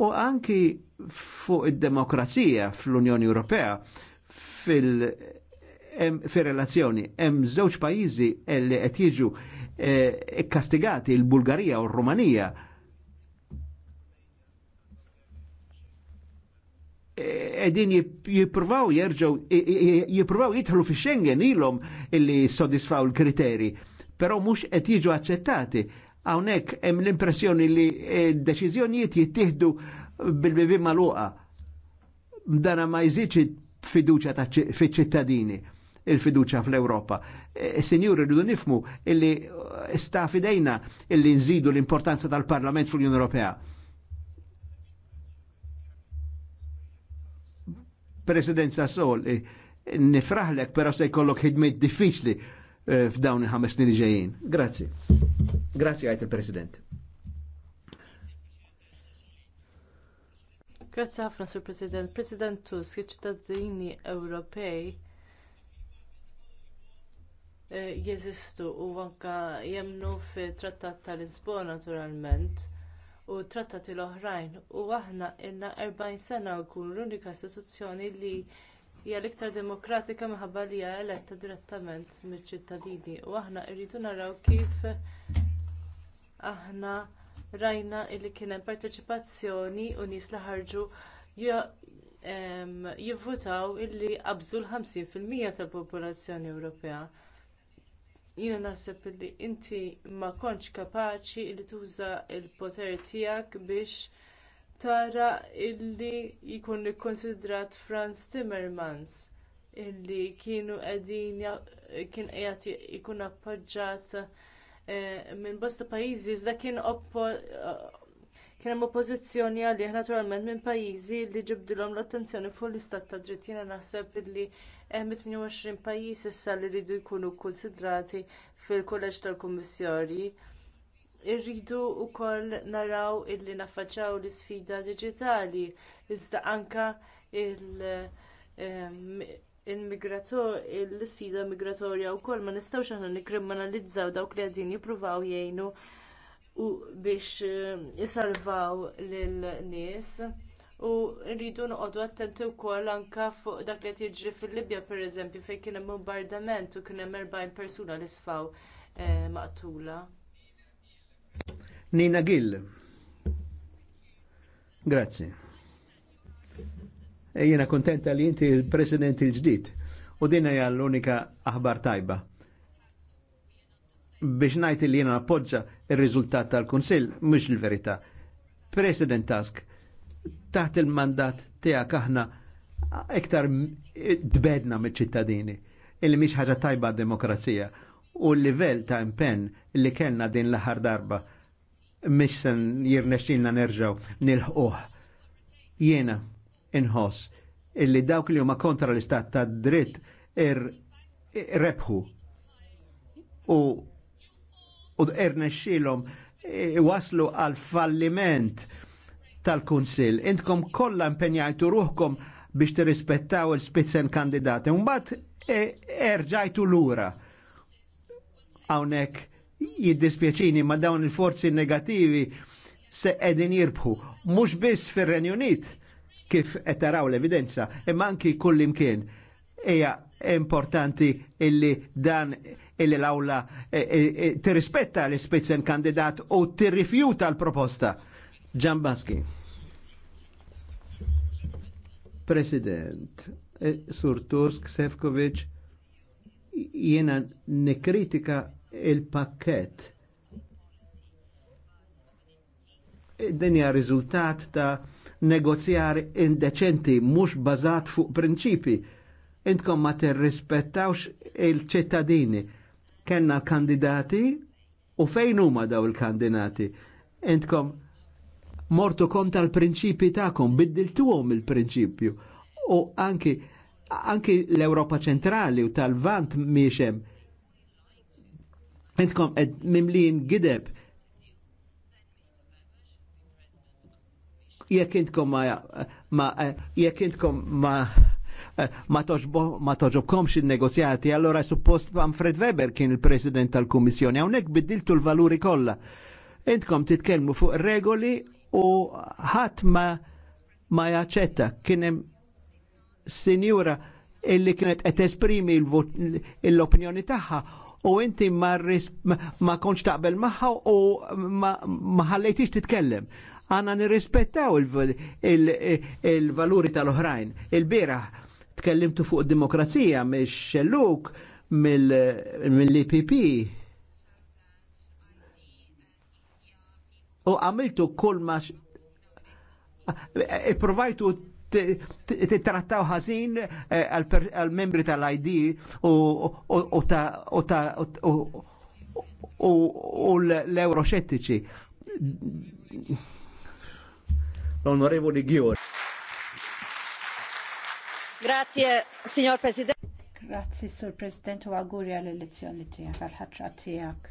U anki fuq id-demokrazija fl-Unjoni Ewropea fil- fir relazzjoni hemm żewġ pajjiżi li qed jiġu ikkastigati e, e il-Bulgarija u r-Rumanija. E, edin jipruvaw jerġaw, jipruvaw jitħlu fi Schengen ilom illi soddisfaw il-kriteri, pero mux qed jiġu accettati. Hawnhekk hemm l-impressjoni li e, deċiżjonijiet jittieħdu bil-bibim maluqa. Dana ma jżidx fiduċa fiċ-ċittadini il-fiduċa fl-Europa. E, e, Sinjuri, rridu nifmu illi e, sta fidejna illi nżidu l-importanza tal-Parlament fl-Unjoni Ewropea. Presidenza Sol, nifraħlek, pero se jkollok ħidmet diffiċli f'dawn il-ħames snin ġejjin. Grazzi. Grazzi għajt il-President. Grazzi ħafna, Sur President. President Tusk, iċ-ċittadini Ewropej Eh, jeżistu u anke jemmnu fit-Trattat ta' Lisbona naturalment u t trattati l-oħrajn u aħna ilna 40 sena nkunu l-unika istituzzjoni li hija l-iktar demokratika minħabba li hija eletta direttament mill-ċittadini u aħna rridu naraw kif aħna rajna li kien hemm parteċipazzjoni u nies li ħarġu jivvutaw illi qabżu l-50% tal-popolazzjoni Ewropea. Jiena naħseb li inti ma kontx kapaċi li tuża l poter tiegħek biex tara illi jkun ikkonsidrat Franz Timmermans illi kienu qegħdin kien ikun appoġġjat eh, minn bosta pajjiżi iżda kien Kien hemm oppożizzjoni għalih naturalment minn pajjiżi li ġibdilhom l-attenzjoni fuq l-istat ta' dritt. Jiena naħseb illi hemm 28 pajjiż issa li jridu jkunu kkunsidrati fil-kulleġġ tal kummissjoni Irridu wkoll naraw illi naffaċċjaw l-isfida diġitali iżda anke il- eh, l-isfida migratorja wkoll ma nistgħux aħna nikkriminalizzaw dawk li qegħdin jippruvaw jgħinu u biex eh, isalvaw lil nies u rridu noqogħdu attenti wkoll anka fuq dak li qed jiġri fil-Libja pereżempju fejn kien hemm bombardament u kien hemm 40 persuna li sfaw eh, maqtula. Nina Gill. Grazzi. E jiena kontenta li inti il-President il-ġdid u din hija l-unika aħbar tajba. Biex ngħid li jiena appoġġa il-riżultat tal-Kunsill, mhux il-verità. President Tusk, taħt il-mandat tiegħek aħna iktar dbedna mill-ċittadini illi mhix ħaġa tajba demokrazija u l-livell ta' impenn li kellna din l-aħħar darba mhix se jirnexxilna nerġgħu nilħquh. Jiena inħoss illi dawk li huma kontra l-istat ta' dritt ir rebħu u u ernexxilhom e, waslu għal falliment tal-Kunsill. Intkom kollha impenjajtu ruħkom biex tirrispettaw il-spitzen kandidati. Mbagħad erġajtu erġajtu lura. Hawnhekk jiddispjaċini ma dawn il-forzi negativi se qegħdin jirbħu. Mhux biss fir-Renju Unit kif qed taraw l-evidenza, imma anki kullimkien imkien. Eja importanti illi dan illi l-awla e, e, e, tirrispetta l-spitzen kandidat u tirrifjuta l-proposta. Baski. President, Sur Tursk, Sefkovic, jena nekritika il-pakket. Dinja rizultat ta' negozjar indeċenti, mux bazat fuq prinċipi. Intkom ma rispettawx il-ċittadini kellna kandidati u fejn huma daw il-kandidati. Entkom mortu kont tal-prinċipi tagħkom, biddiltuhom il-prinċipju. U anki anki l-Europa ċentrali u tal-Vant miexem. Entkom ed mimlin gideb. Jekk intkom ma, ma jekk intkom ma Eh, ma toġobkomx il-negozjati, allora suppost Manfred Weber kien il-president tal-Kummissjoni, għonek biddiltu l-valuri kolla. Intkom titkelmu fuq regoli u ħat ma ma jaċetta, kienem hemm sinjura illi kienet qed esprimi l-opinjoni tagħha u inti ma, ma konċ taqbel maħħa u ma ħallejtix titkellem. Għana nirrispettaw il-valuri il, il, il tal oħrajn il bira tkellimtu fuq demokrazija miex xelluk mill-IPP. U għamiltu kull ma e provajtu t-trattaw ħażin eh, għal-membri tal-ID u l-euroxettiċi. L-onorevoli Gjor. Grazie, signor President. Grazzi, Sur President, u għaguri għall-elezzjoni tiegħek għal-ħatra tiegħek.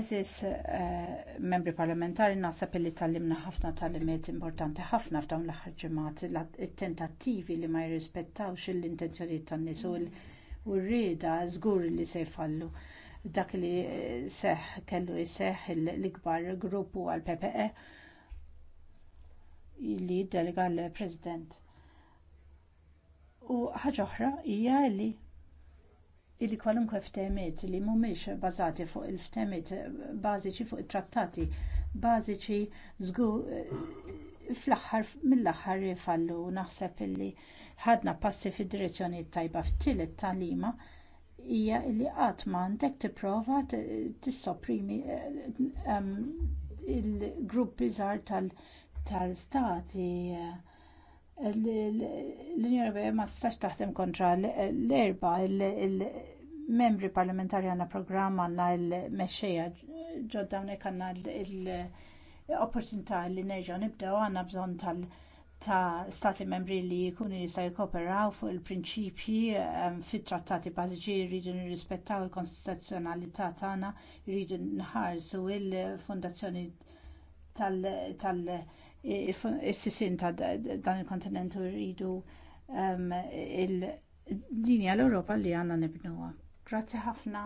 Eżis eh, membri parlamentari nasab li tal-limna ħafna tal-limiet importanti ħafna f'dawn l-aħħar ġimgħat it-tentattivi li ma jirrispettawx l-intenzjoni tan-nies u rrieda żgur li se jfallu. Dak li eh, seħ kellu jseħ l-ikbar grupp għal PPE li jiddelega l-President. U ħaġa oħra hija li illi kwalunkwe ftemiet li mhumiex bażati fuq il-ftemiet bażiċi fuq it-trattati bażiċi żgur fl-aħħar mill-aħħar ifallu naħseb illi ħadna passi fid-direzzjoni tajba ftielet tielet talima hija li qatt m'għandek tipprova tissopprimi il-gruppi żgħar tal-stati eh, l-Unjoni Ewropea ma tistax taħdem kontra l-erba il-membri parlamentari għandna programm għandna l-mexxejja ġodda hawnhekk għandna l-opportunità li nerġgħu nibdew għandna bżonn tal ta' stati membri li jkunu jista' jkoperaw fuq il-prinċipji eh, fit-trattati bażiċi jridu nirrispettaw il-konstituzzjonalità tagħna, jridu nħarsu l fondazzjoni tal-, tal is-sisin ta' dan il-kontinent u rridu um, il-dinja l europa li għanna nibnuwa. Grazie ħafna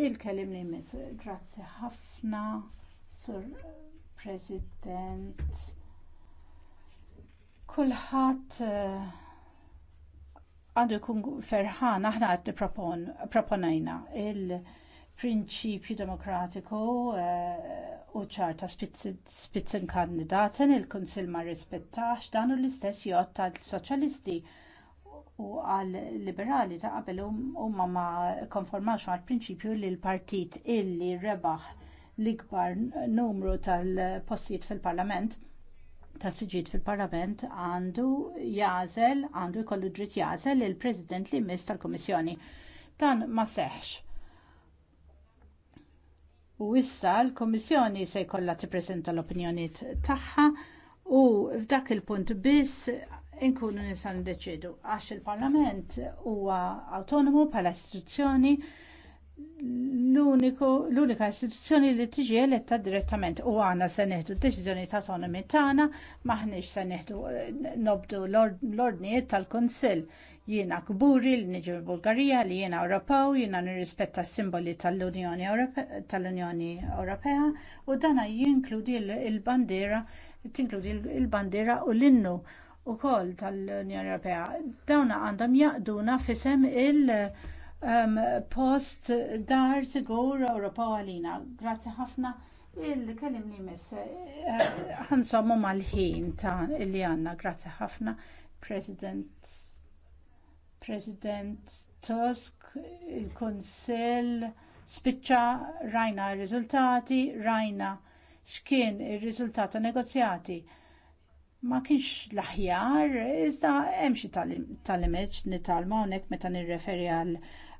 il-kelim li mis, grazie ħafna, Sur President. Kulħat uh, għandu kun ferħan aħna qed nipproponajna il- prinċipju demokratiku eh, u ċarta spitzen kandidaten il-Kunsil ma rispettax dan u l-istess jgħod tal-Soċjalisti u għal-Liberali ta' qabel huma ma konformax mal prinċipju li l-partit illi rebaħ l-ikbar numru tal-postijiet fil-Parlament ta' siġiet fil-Parlament għandu jażel, għandu jkollu dritt jażel il-President li jmiss tal-Kummissjoni. Dan ma seħħx U issa l-Komissjoni se jkollha tippreżenta l opinjonijiet tagħha u f'dak il-punt biss inkunu nisa ndeċidu għax il-Parlament huwa awtonomu bħala istituzzjoni l-unika istituzzjoni li tiġi eletta direttament u għana se neħdu d deċiżjonijiet ta' autonomi tagħna maħniex se neħdu eh, nobdu l-ordnijiet tal-Kunsill jiena kburi li niġi l-Bulgarija li jiena Ewropew, jiena nirrispetta s-simboli tal-Unjoni Ewropea u dana jinkludi l-bandiera tinkludi l-bandiera u l-innu wkoll tal-Unjoni Ewropea. Dawna għandhom jaqduna fisem il-post um, dar sigur Ewropew għalina. Grazzi ħafna il-kelim li miss eh, ħansomu mal-ħin ta' li għandna. Grazzi ħafna, President President Tusk, il-Kunsell, spiċċa rajna r-riżultati, rajna x'kien ir-riżultat negozjati. Ma kienx l-aħjar, iżda hemm xi tal-imeġ nitalma hawnhekk meta nirreferi għal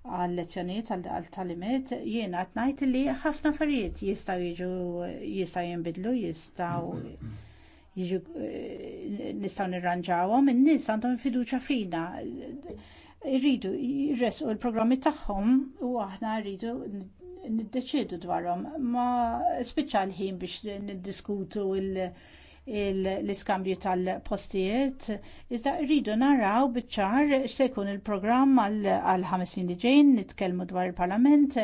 għal lezzjonijiet għal talimet jiena qed ngħid li ħafna affarijiet jistgħu jiġu jistgħu jinbidlu, jistgħu eh, nistgħu nirranġawhom, in-nies għandhom fiduċja fina irridu jirresqu l-programmi tagħhom u aħna rridu niddeċidu dwarhom ma spiċċa l-ħin biex niddiskutu l-iskambju tal-postijiet, iżda rridu naraw biċ-ċar se jkun il-programm għal ħames snin li ġejjin nitkellmu dwar il-Parlament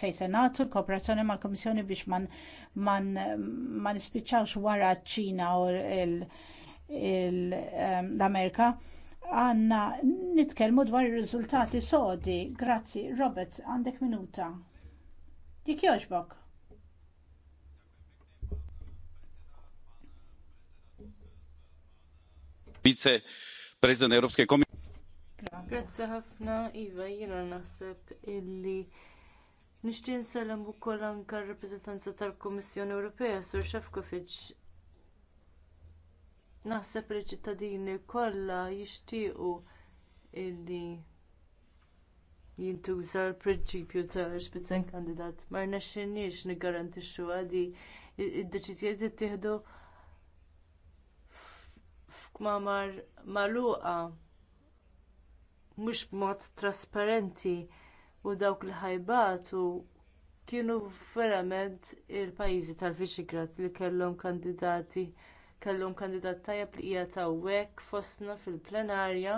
fejn se nagħtu l-kooperazzjoni mal-Kummissjoni biex ma nispiċċawx wara ċ-Ċina u l-Amerika għandna nitkellmu dwar ir-riżultati sodi. Grazzi, Robert, għandek minuta. Dik jogħġbok. Vice President Grazzi ħafna, Iva, jiena naħseb illi nixtieq nsellem ukoll anke r-rappreżentanza tal-Kummissjoni Ewropea, Sur Shefkovic, Naħseb li ċittadini kollha jixtiequ illi jintuża l-prinċipju ta' xbitzen kandidat. Ma rnexxinniex niggarantixxu għadi id-deċiżjoni tittieħdu f'kmamar magħluqa mhux b'mod trasparenti u dawk li ħajbatu kienu verament il-pajjiżi tal-Viċigrad li kellhom kandidati kellhom kandidat tajjeb li hija hawnhekk fostna fil-plenarja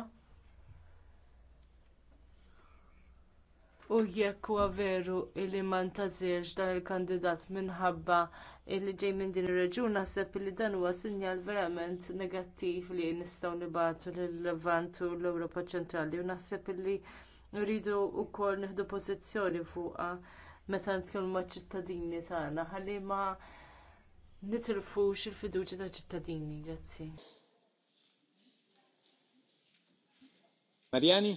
u jekk huwa veru li ma ntażilx dan il-kandidat minħabba li ġej minn din ir-reġjun naħseb li dan huwa sinjal verament negattiv li nistgħu nibagħtu lil levant u l-Ewropa ċentrali u naħseb li rridu wkoll nieħdu pożizzjoni fuqha meta nitkellmu maċ-ċittadini tagħna ħalli ma' nitilfux il-fiduċja ta' ċittadini. Grazzi. Mariani?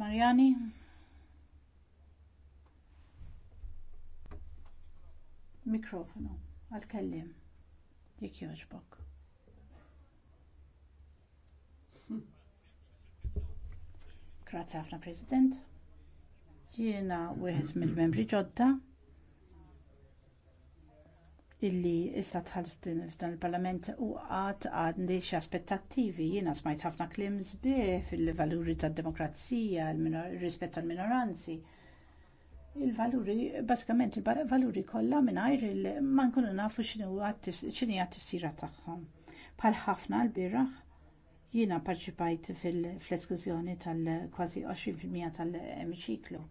Mariani? Mikrofono għal-kellim. jek joġbok. Grazie għafna, President. Jiena wieħed mill-membri ġodda illi issa tħall f'dan il-Parlament u għad għandi xi aspettattivi jiena smajt ħafna kliem sbieħ fil-valuri tad-demokrazija, ir rispett tal-minoranzi. Il-valuri, basikament il-valuri kollha mingħajr ma nkunu nafu x'inhi għat-tifsira tagħhom. Bħal ħafna l-bieraħ jiena parċipajt fil-eskużjoni tal-kważi 20% tal-emiċiklu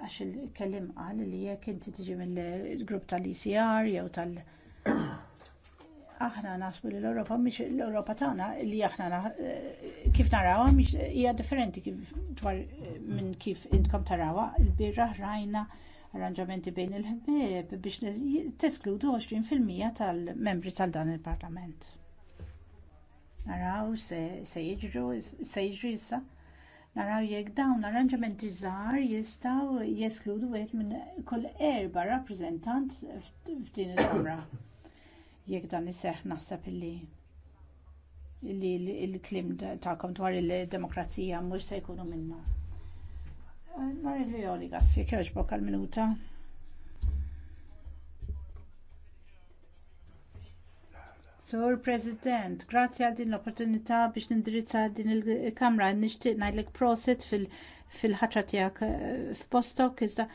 għax il-kellim qal li jekk inti tiġi mill-grupp tal-ECR jew tal- aħna nasbu li l europa mhix l-Ewropa tagħna li aħna kif narawha mhix hija differenti kif dwar minn kif intkom tarawha l birra rajna arranġamenti bejn il-ħbieb biex teskludu 20% tal-membri tal dan il-Parlament. Naraw se jiġru se jiġri issa naraw jekk dawn l arranġamenti żgħar jistgħu jeskludu wieħed minn kull erba' rappreżentant f'din il-Kamra. Jekk dan iseħħ naħseb illi li l-klim tagħkom dwar il-demokrazija mhux se jkunu minnha. Eh, Mari li jogħġbok għal-minuta. Sur President, grazzi għal din l-opportunità biex nindirizza din il-kamra nixtieq ngħidlek prosit fil-ħatra tiegħek eh, f'postok iżda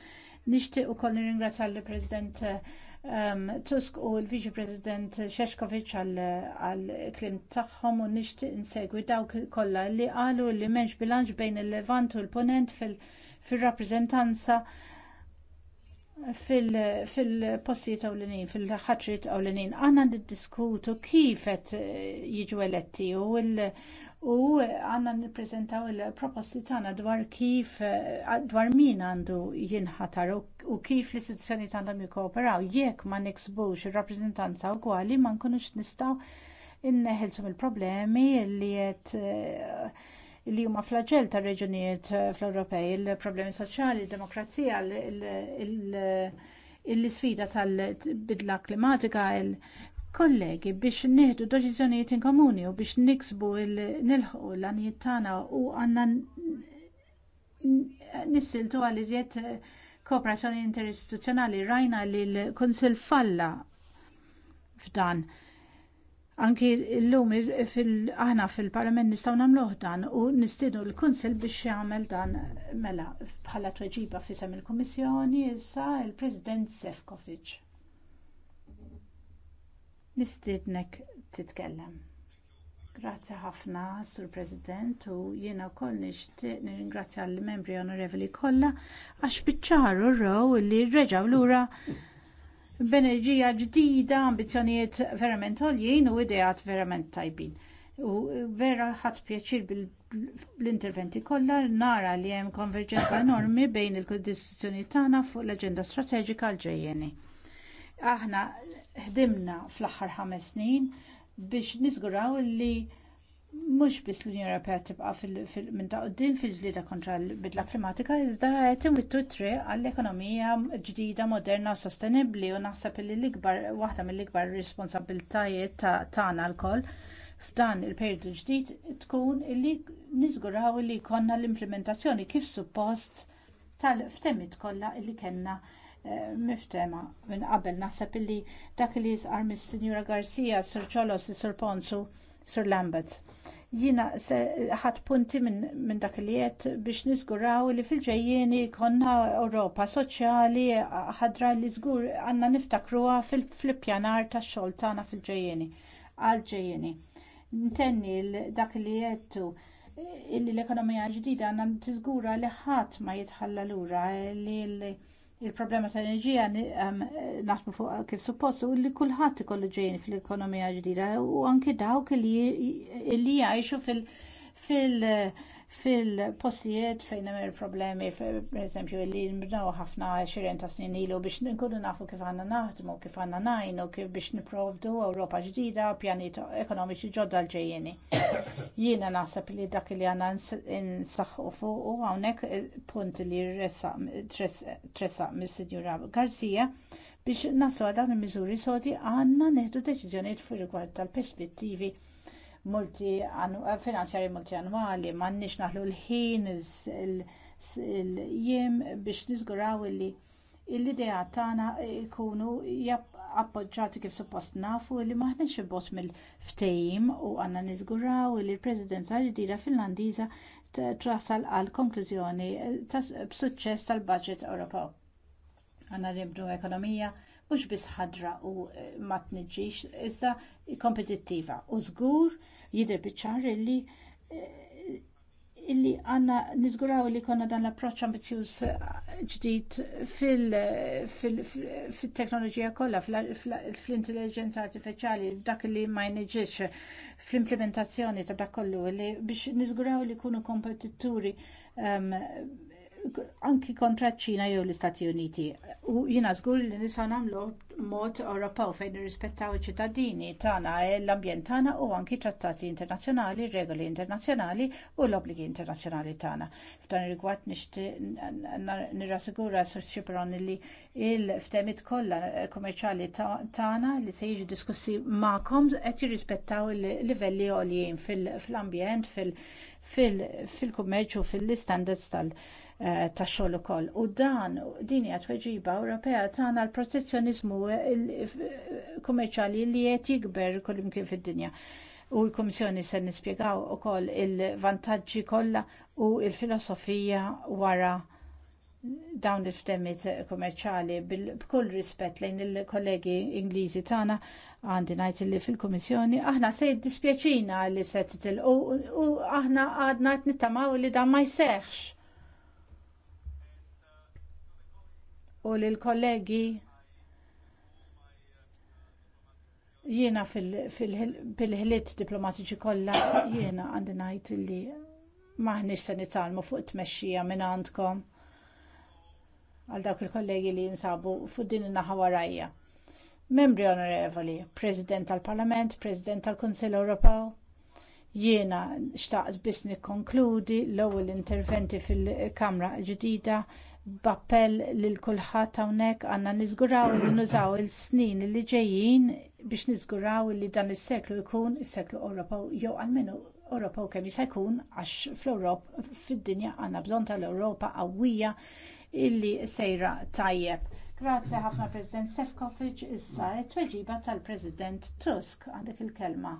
nixtieq ukoll ringrazja lill president ehm, Tusk u l-Viċi President Sheshkovic għal klim tagħhom u nixtieq insegwi dawk kollha li qalu li m'hemmx bilanċ bejn il-Levant u l-Punent fir rappreżentanza fil-postijiet ewlenin, fil-ħatrit ewlenin, għanna niddiskutu kif qed eh, jiġu eletti u l- u għanna nippreżentaw il-proposti tagħna dwar kif eh, dwar min għandu jinħatar u kif l-istituzzjoni għandhom jikkooperaw jekk ma niksbux ir-rappreżentanza ugwali ma nkunux nistgħu nneħilsu mill-problemi li qed eh, li huma flagell tar reġunijiet eh, fl-Ewropej, il-problemi soċjali, il-demokrazija, l isfida tal-bidla klimatika, kollegi biex nieħdu deċiżjonijiet inkomuni u biex niksbu nilħqu l-għanijiet tagħna u għandna nissiltu għal iżjed eh, kooperazzjoni interistituzzjonali rajna li l-Kunsill falla f'dan Anki l-lum aħna fil-parlament nistaw namluħ dan u nistidu l kunsel biex jagħmel dan mela bħala tweġiba fisem il-Kummissjoni issa il-President Sefkovic. Nistidnek titkellem. Grazzi ħafna, Sur President, u jiena wkoll nixtieq nirringrazzja l-membri onorevoli kollha għax biċċaru r-row li rreġgħu lura b'enerġija ġdida, ambizjonijiet verament għoljien u ideat verament tajbin. U vera ħadd pjaċir bl-interventi kollha nara li hemm konverġenza enormi bejn il-kondizzjoni tagħna fuq l-aġenda strateġika l-ġejjeni. Aħna ħdimna fl-aħħar ħames snin biex niżguraw li mhux biss l-Unjoni Ewropea tibqa' minn ta' quddiem fil-ġlieda kontra l-bidla klimatika iżda qed inwittu triq għall-ekonomija ġdida moderna u sostenibbli u naħseb li l-ikbar waħda mill-ikbar responsabbiltajiet tagħna lkoll f'dan il-perjodu ġdid tkun li niżguraw li jkollna l-implementazzjoni kif suppost tal-ftemiet kollha li kellna eh, miftema minn qabel naħseb illi dak li jiżqar mis-Sinjura Garcia Sir Ċolos Sir Ponsu Sir Lambert. Jina ħat punti minn min dak li jett biex niżguraw li fil-ġejjieni konna Ewropa soċjali ħadra li żgur għandna niftakruwa fil-pjanar tax-xogħol tagħna fil-ġejjieni għal ġejjieni. Ntenni dak li jettu l-ekonomija ġdida għanna tiżgura li ħadd ma jitħalla lura li il-problema tal-enerġija naħdmu fuq kif suppost u li kulħadd ikollu ġejni fl-ekonomija ġdida u anke dawk li jgħixu fil- fil- fil-postijiet fejn hemm problemi pereżempju li nbnaw ħafna 20 ta' snin ilu biex nkunu nafu kif għandna naħdmu, kif għandna ngħinu, kif biex nipprovdu Ewropa ġdida, pjanijiet ekonomiċi ġodda l-ġejjeni. Jiena naħseb li dak li għandna nsaħħu fuq u hawnhekk eh, punt li tressaq mis-Sinjura Garcia biex naslu għal dawn il-miżuri sodi għandna neħdu deċiżjonijiet fir rigward tal-perspettivi multi eh, finanzjari multianwali m'għandniex naħlu l-ħin il-jiem biex niżguraw li l-idea tagħna jkunu appoġġjati kif suppost nafu li maħniex ibot mill-ftehim u għandna niżguraw li l-Presidenza ġdida Finlandiża trasal għal konklużjoni eh, b'suċċess tal-Baġit Ewropew. Għandna nibdu ekonomija mhux biss ħadra u eh, ma tniġġix iżda kompetittiva u żgur jidher biċ illi eh, illi għanna nizguraw li konna dan l-approċ ambizjuż eh, ġdid fil-teknoloġija kollha, fl-intelligenza artificiali, f'dak li ma jneġiex fl-implementazzjoni ta' dak kollu li biex nizguraw li kunu kompetituri ehm, anki kontra ċina jew l-Istati Uniti. U jina żgur li nisa nagħmlu mod Ewropew fejn nirrispettaw iċ-ċittadini tagħna l-ambjent tagħna u anki trattati internazzjonali, regoli internazzjonali u l-obbligi internazzjonali tagħna. F'dan ir-rigward nixtieq nirrassigura Sir Xipron li il ftemit kollha kummerċjali tagħna li se jiġu diskussi magħkom qed jirrispettaw il-livelli għoljin fil-ambjent, fil-kummerċ u fil-istandards tal- Eh, ta' xogħol ukoll. U dan din hija tweġiba Ewropea tagħna l-protezzjoniżmu eh, kummerċjali li qed jikber imkien fid-dinja. U l-Kummissjoni se nispjegaw ukoll il-vantaġġi kollha u l filosofija wara dawn il-ftemmit kummerċjali b'kull rispett lejn il-kollegi Ingliżi tagħna għandi ngħid li fil-Kummissjoni aħna se jiddispjaċina li se titilqu u aħna għadna qed nittamaw li dan ma jseħħx u lill kollegi jiena fil-ħiliet diplomatiċi kollha jiena għandi ngħid li maħniex se nitalmu fuq tmexxija minn għandkom għal dawk il-kollegi li jinsabu fuq din in-naħa warajja. Membri onorevoli, President tal-Parlament, President tal-Kunsill Ewropew, jiena xtaqt biss nikkonkludi l-ewwel interventi fil-Kamra l-ġdida bappell lil kulħadd hawnhekk għandna niżguraw li nużaw il-snin li ġejjin biex niżguraw li dan is-seklu jkun is-seklu Ewropew jew almenu Ewropew kemm jista' jkun għax fl-Ewrop fid-dinja għandna bżonn tal-Ewropa qawwija illi sejra tajjeb. Grazzi ħafna President Sefkovic issa it tweġiba tal-President Tusk għandek il-kelma.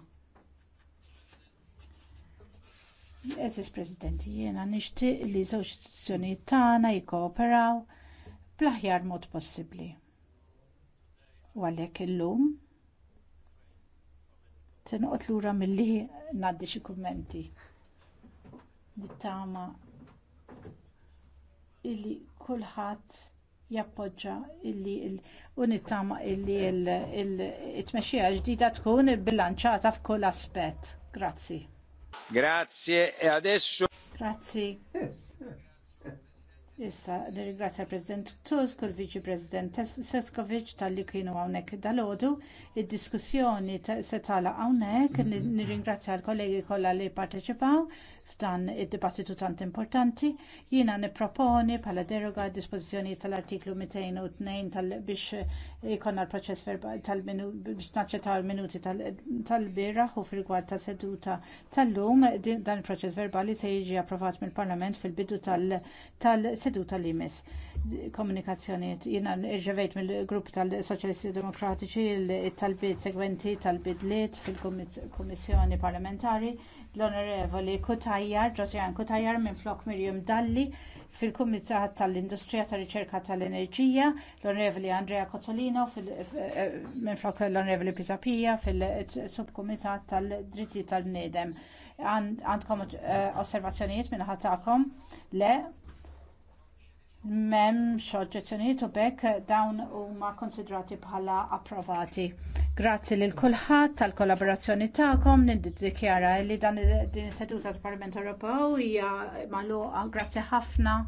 Eżis Presidenti, jiena nixtieq li żewġ istituzzjonijiet tagħna jikkooperaw bl-aħjar mod possibbli. U għalhekk illum se noqgħod lura milli ngħaddi xi kummenti. Nittama illi kulħadd jappoġġa illi u nittama illi il-tmexxija ġdida tkun il-bilanċata f'kull aspett. Grazzi. Grazie e adesso. Grazie. Issa, nirringrazzja l-President Tusk u l-Viċi President Seskovic tal-li kienu hawnhekk dal-ħodu. Id-diskussjoni se tala hawnhekk, nirringrazzja l-kollegi kollha li parteċipaw f'dan id-dibattitu tant importanti, jiena nipproponi bħala deroga dispożizzjoni tal-artiklu 202 tal biex ikonna l-proċess biex naċċettaw il-minuti tal bieraħ u fil-gwad ta' seduta tal-lum dan il-proċess verbali se jiġi approvat mill-Parlament fil-bidu tal-seduta li jmiss. Komunikazzjoniet jiena irġevejt mill-grupp tal-Soċjalisti Demokratiċi il-talbiet segwenti tal-bidliet fil-Kummissjoni Parlamentari l-Onorevoli Kutajjar, Ġosjan Kutajjar minn flok Mirjum Dalli fil-Kumitat tal-Industrija tar riċerka tal-Enerġija, l-Onorevoli Andrea kozzolino eh, minn flok l-Onorevoli Pisapija fil-Subkumitat tal-Dritti tal-Bnedem. Għandkom eh, osservazzjonijiet minn ħatakom le m'hemmx oġġezzjonijiet u bekk dawn huma konsidrati bħala approvati. Grazzi lil kulħadd tal-kollaborazzjoni tagħkom niddikjara li dan din is-seduta tal-Parlament Ewropew hija magħluqa grazzi ħafna.